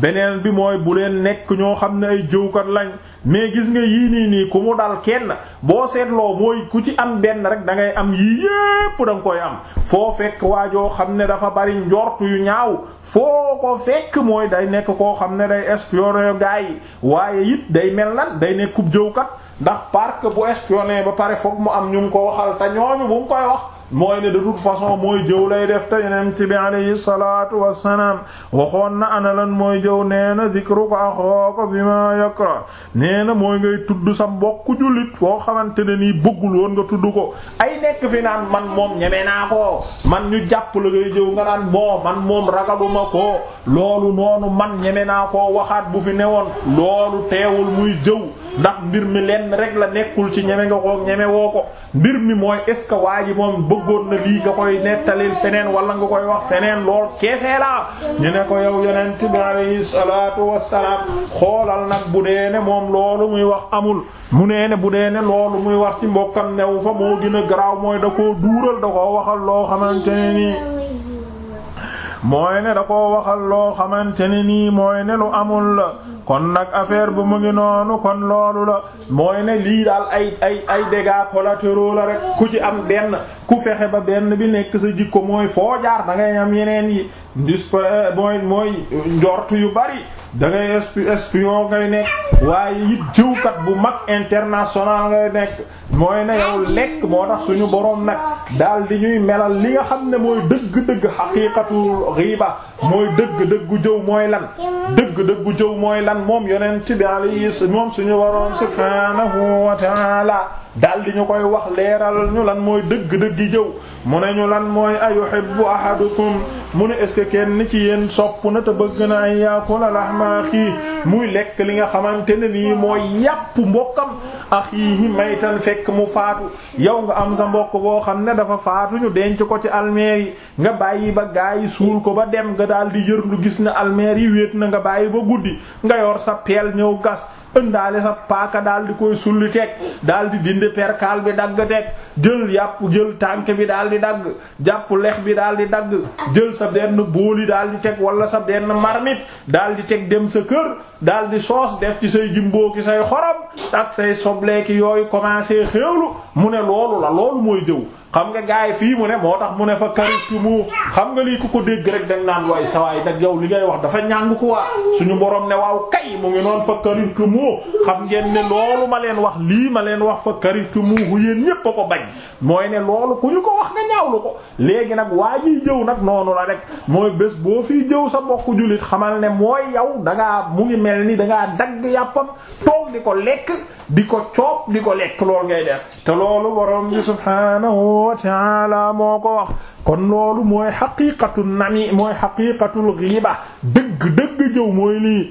[SPEAKER 1] beneen bi mooy bu leen nekk ñoo xam ne ay jëwkat lañ mais gis nga yii nii nii ku mu dal kenn boo seetloo mooy ku ci am benn rek da ngay am yii yépp da koy am foo fekk waajoo xam ne dafa bari njort yu ñaaw foo ko fekk mooy day nekk koo xam ne day espionner gaa yi waaye it day mel na day nekkub jëwkat ndax parce que bu espionner ba pare foog mu am ñu ngi ko waxal te ñooñu bu ngi koy wax mooy ne de toute façon mooy jëw lay def te yonent bi alayhi salaatu wassalaam waxoon na ana lan mooy jëw nee na zikru ko axooka bi ma yakra nee na mooy ngay tudd sa mbokk jullit foo xamante ne nii bëggul woon nga tudd ko ay nekk fi naan man moom ñeme naa ko man ñu jàpp la ngay jëw nga naan boo man moom ragaluma ko loolu noonu man ñeme naa ko waxaat bu fi woon loolu teewul muy jëw ndax mbir mi lenn rek la nekkul ci ñeme nga ko ñeme woo ko mbir mi mooy est ce que waa ji moom bëggoon na lii nga koy nettalil feneen wala nga koy wax feneen lool keesee la ñu ne ko yow yonent bi alayhi salaatu wassalaam xoolal nag bu dee ne moom loolu muy wax amul mu nee ne bu dee ne loolu muy wax ci mbokkam new fa moo gën garaaw mooy da koo duural da koo waxal loo xamante ne nii mooy ne da ko waxal loo xamante ni nii mooy ne lu amul la kon nag affaire bu mu ngi noonu kon loolu la mooy ne lii daal ay ay ay dégâts la rek ku ci am benn ku fexe ba benn bi nekk sa jikko mooy foo jaar da ngay am yeneen yi dis euh, mooy mooy njort yu bari da espion ngay ne waaye it jëwkat bu mag international ngay nekk mooy na yow lekk moo tax suñu boroom nag daal di ñuy melal li nga xam ne mooy dëgg-dëgg xaqiiqatul ghiba mooy dëgg-dëggu jëw mooy lan dëgg-dëggu jëw mooy lan moom yonent bi alayhi moom suñu boroom subhaanahu wa ta'ala daal di ñu koy wax leeral ñu lan mooy dëgg-dëggi jëw mu ne ñu lan mooy ayuhibbu ahadukum mu ne est ce que kenn ci yéen sopp na te bëgg na an yaakula lahma axii muy lekk li nga xamante ne nii mooy yàpp mbokkam axiihi maytan fekk mu faatu yow nga am sa mbokk boo xam ne dafa faatu ñu denc ko ci almeer yi nga bàyyi ba gaa yi suul ko ba dem nga daal di yër lu gis ne almeer yi wéet na nga bàyyi ba guddi nga yor sa peel ñëw gas ëndaale sa paaka daal di koy sulli teg daal di dindi perkaal bi dagg teg jël yàpp jël tànk di dagg jàpp lex bi daal di dagg jël sa benn booli daal di teg wala sa benn marmite daal di teg dem sa kër daal di soos def ci say jimboo ki say xorom ak say sobleeki yooyu commencé xéewlu mu ne loolu la loolu mooy jëw xam nga gaay fii mu ne moo tax mu ne fa karitu mu xam nga lii ku ko dégg rek dañ naan waay sawaay nag yow li ngay wax dafa ñàng ko suñu borom ne waaw kay mu ngi noon fa karitu mu xam ngeen ne loolu ma leen wax lii ma leen wax fa karitu mu hu yéen ñépp a ko bañ mooy ne loolu ku ñu ko wax nga ñaawlu ko léegi nag waa jiy jëw nag noonu la rek mooy bés boo fii jëw sa bokk jullit xamal ne mooy yow dangaa mu ngi mel ni dangaa dagg yàppam toog di ko lekk di ko coob di ko lekk loolu ngay def te loolu borom bi subhaanahu wa ta'ala moo ko wax kon loolu mooy xaqiiqatu nami mooy xaqiiqatul ghiba dëgg dëgg jëw mooy lii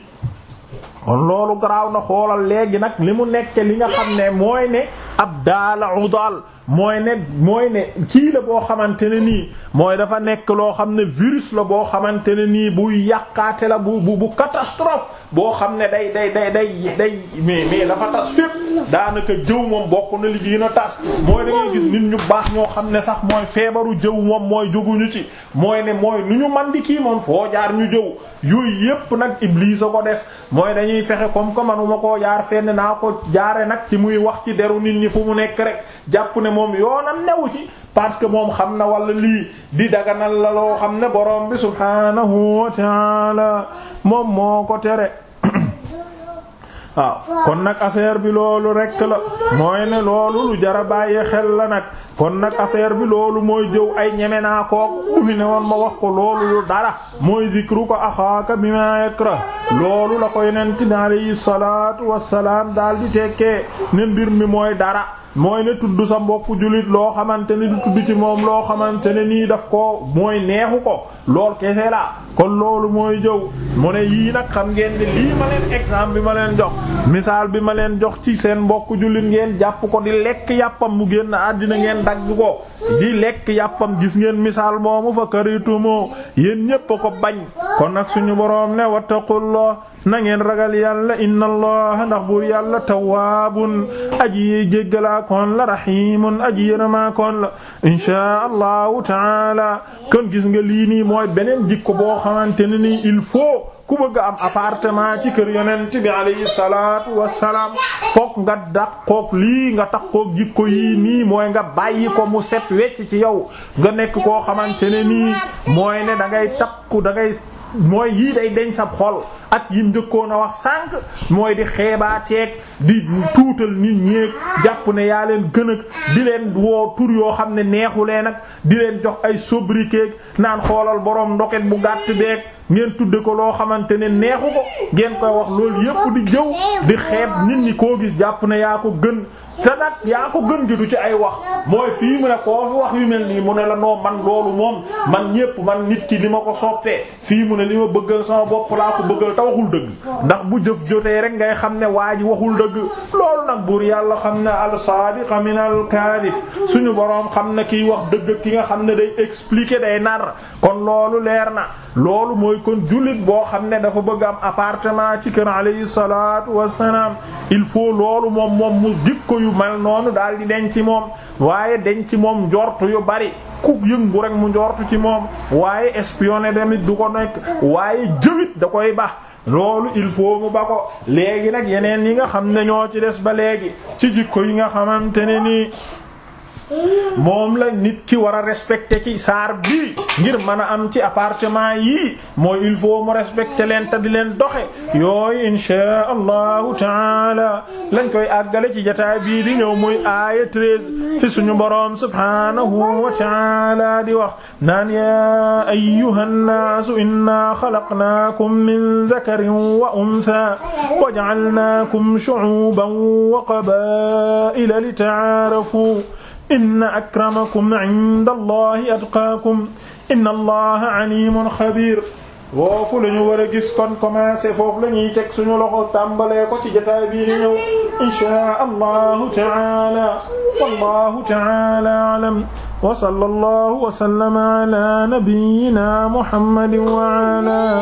[SPEAKER 1] kon loolu garaaw na xoolal léegi nag li mu nekk li nga xam ne mooy ne ab daala udal mooy ne mooy kii la boo xamante ne nii mooy dafa nekk loo xam ne virus la boo xamante ne nii buy yàqaate la bu catastrophe boo xam ne day day day day day mais mais dafa tas fépp daanaka jëw moom bokk na li gën a tas mooy da gis nit ñu baax ñoo xam ne sax mooy feebaru jëw moom mooy jóguñu ci mooy ne mooy nu ñu man di kii moom foo jaar ñu jëw yooyu yépp nag Iblis a ko def mooy dañuy fexe comme que manuma koo jaar fenn naa ko jaare nag ci muy wax ci deru nit ñi fu mu nekk rek jàpp ne moom yoonam newu ci parce que moom xam na wala lii di daganal la loo xam ne borom bi subhaanahu wa ta'ala moom moo ko waaw kon nag affaire bi loolu rekk la mooy ne loolu lu jara bàyyi xel la nag kon nag affaire bi loolu mooy jëw ay ñeme naa kooku bu ne woon ma wax ko loolu lu dara mooy zikru ko axaaka bima yakra loolu la ko yonent bi alayhi salaatu wassalaam daal di tekkee ne mbir mi mooy dara mooy ne tudd sa mbokku jullit loo xamante ne di tudd ci moom loo xamante ne nii daf ko mooy neexu ko lool kese la kon loolu mooy jëw mu ne yii nag xam ngeen ne lii ma leen exemple bi ma leen jox misaal bi ma leen jox ci seen mbokku jullit ngeen jàpp ko di lekk yàppam mu génn àddina ngeen dagg ko di lekk yàppam gis ngeen misaal moomu fa karitumo yéen ñépp a ko bañ kon nag suñu boroom ne wattaqullah na ragal yàlla inna allah ndax buur yàlla tawwaabun koon la rahimun aji yërëmaa koon la inchaa allahu taala kon gis nga lii nii mooy beneen jikko boo xamante ne nii il faut ku bëgg am appartement ci kër yonent bi alayhi salaatu wassalaam fokk nga dàqoog lii nga taqoog jikko yii nii mooy nga bàyyi ko mu set wecc ci yow nga nekk koo xamante ne nii mooy ne da ngay takku dangay mooy yii day deñ sab xol ak yi njëkkoon a wax sànq mooy di xeebaateeg di tuutal nit ñeeg jàpp na yaa leen gën ak di leen woo tur yoo xam ne neexu leen ak di leen jox ay sobriquet naan xoolal borom ndoket bu gàtt beeg ngeen tudde ko loo xamante ne neexu ko ngeen koy wax loolu yépp di jëw di xeeb nit ñi koo gis jàpp na yaa ko gën te nag yaa ko gën di ci ay wax mooy fii mu ne koo fi wax yu mel nii mu ne la noo man loolu moom man ñépp man nit ki li ma ko soppee fii mu ne li ma bëggal sama bopp laa ko bëggal te waxul dëgg ndax bu jëf jotee rek ngay xam ne waa ji waxul dëgg loolu nag buur yàlla xam ne al saadiq min al kaadib suñu boroom xam ne kiy wax dëgg ki nga xam ne day expliquer day nar kon loolu leer na loolu mooy kon jullit boo xam ne dafa bëgg am appartement ci kër alayhi salaatu yu mel noonu daal di denc ci moom waaye denc ci moom njortu yu bari ku yëngu rek mu njortu ci moom waaye espionné tamit du ko nekk waaye jëwit da koy bax loolu il faut mu ba ko léegi nag yeneen yi nga xam ne ñoo ci des ba léegi ci jikko yi nga xamante ne nii moom la nit ki war a respecter ci saar bii ngir mën a am ci appartement yii mooy il faut mu respecter leen te di leen doxe yooyu inshaa allahu taala lañ koy àggale ci jotaay bii di ñëw muy aaya treize fi suñu boroom subhanahu wa taala di wax naan ya ayyuhan naasu inna xalaqnaakum min dhakarin wa untha wa ja'alnaakum shu'uban wa qabaa'ila li ta'aarafu inna akramakum inda allahi atqaakum inna allaha alimun xabir foofu la ñu war a gis kon commencé foofu la ñuy teg suñu loxo tàmbalee ko ci jotaay bii di ñëw inchaa allahu taala wallahu taala alam wa sallallahu wa sallama ala nabiyyina muhammadin wa ala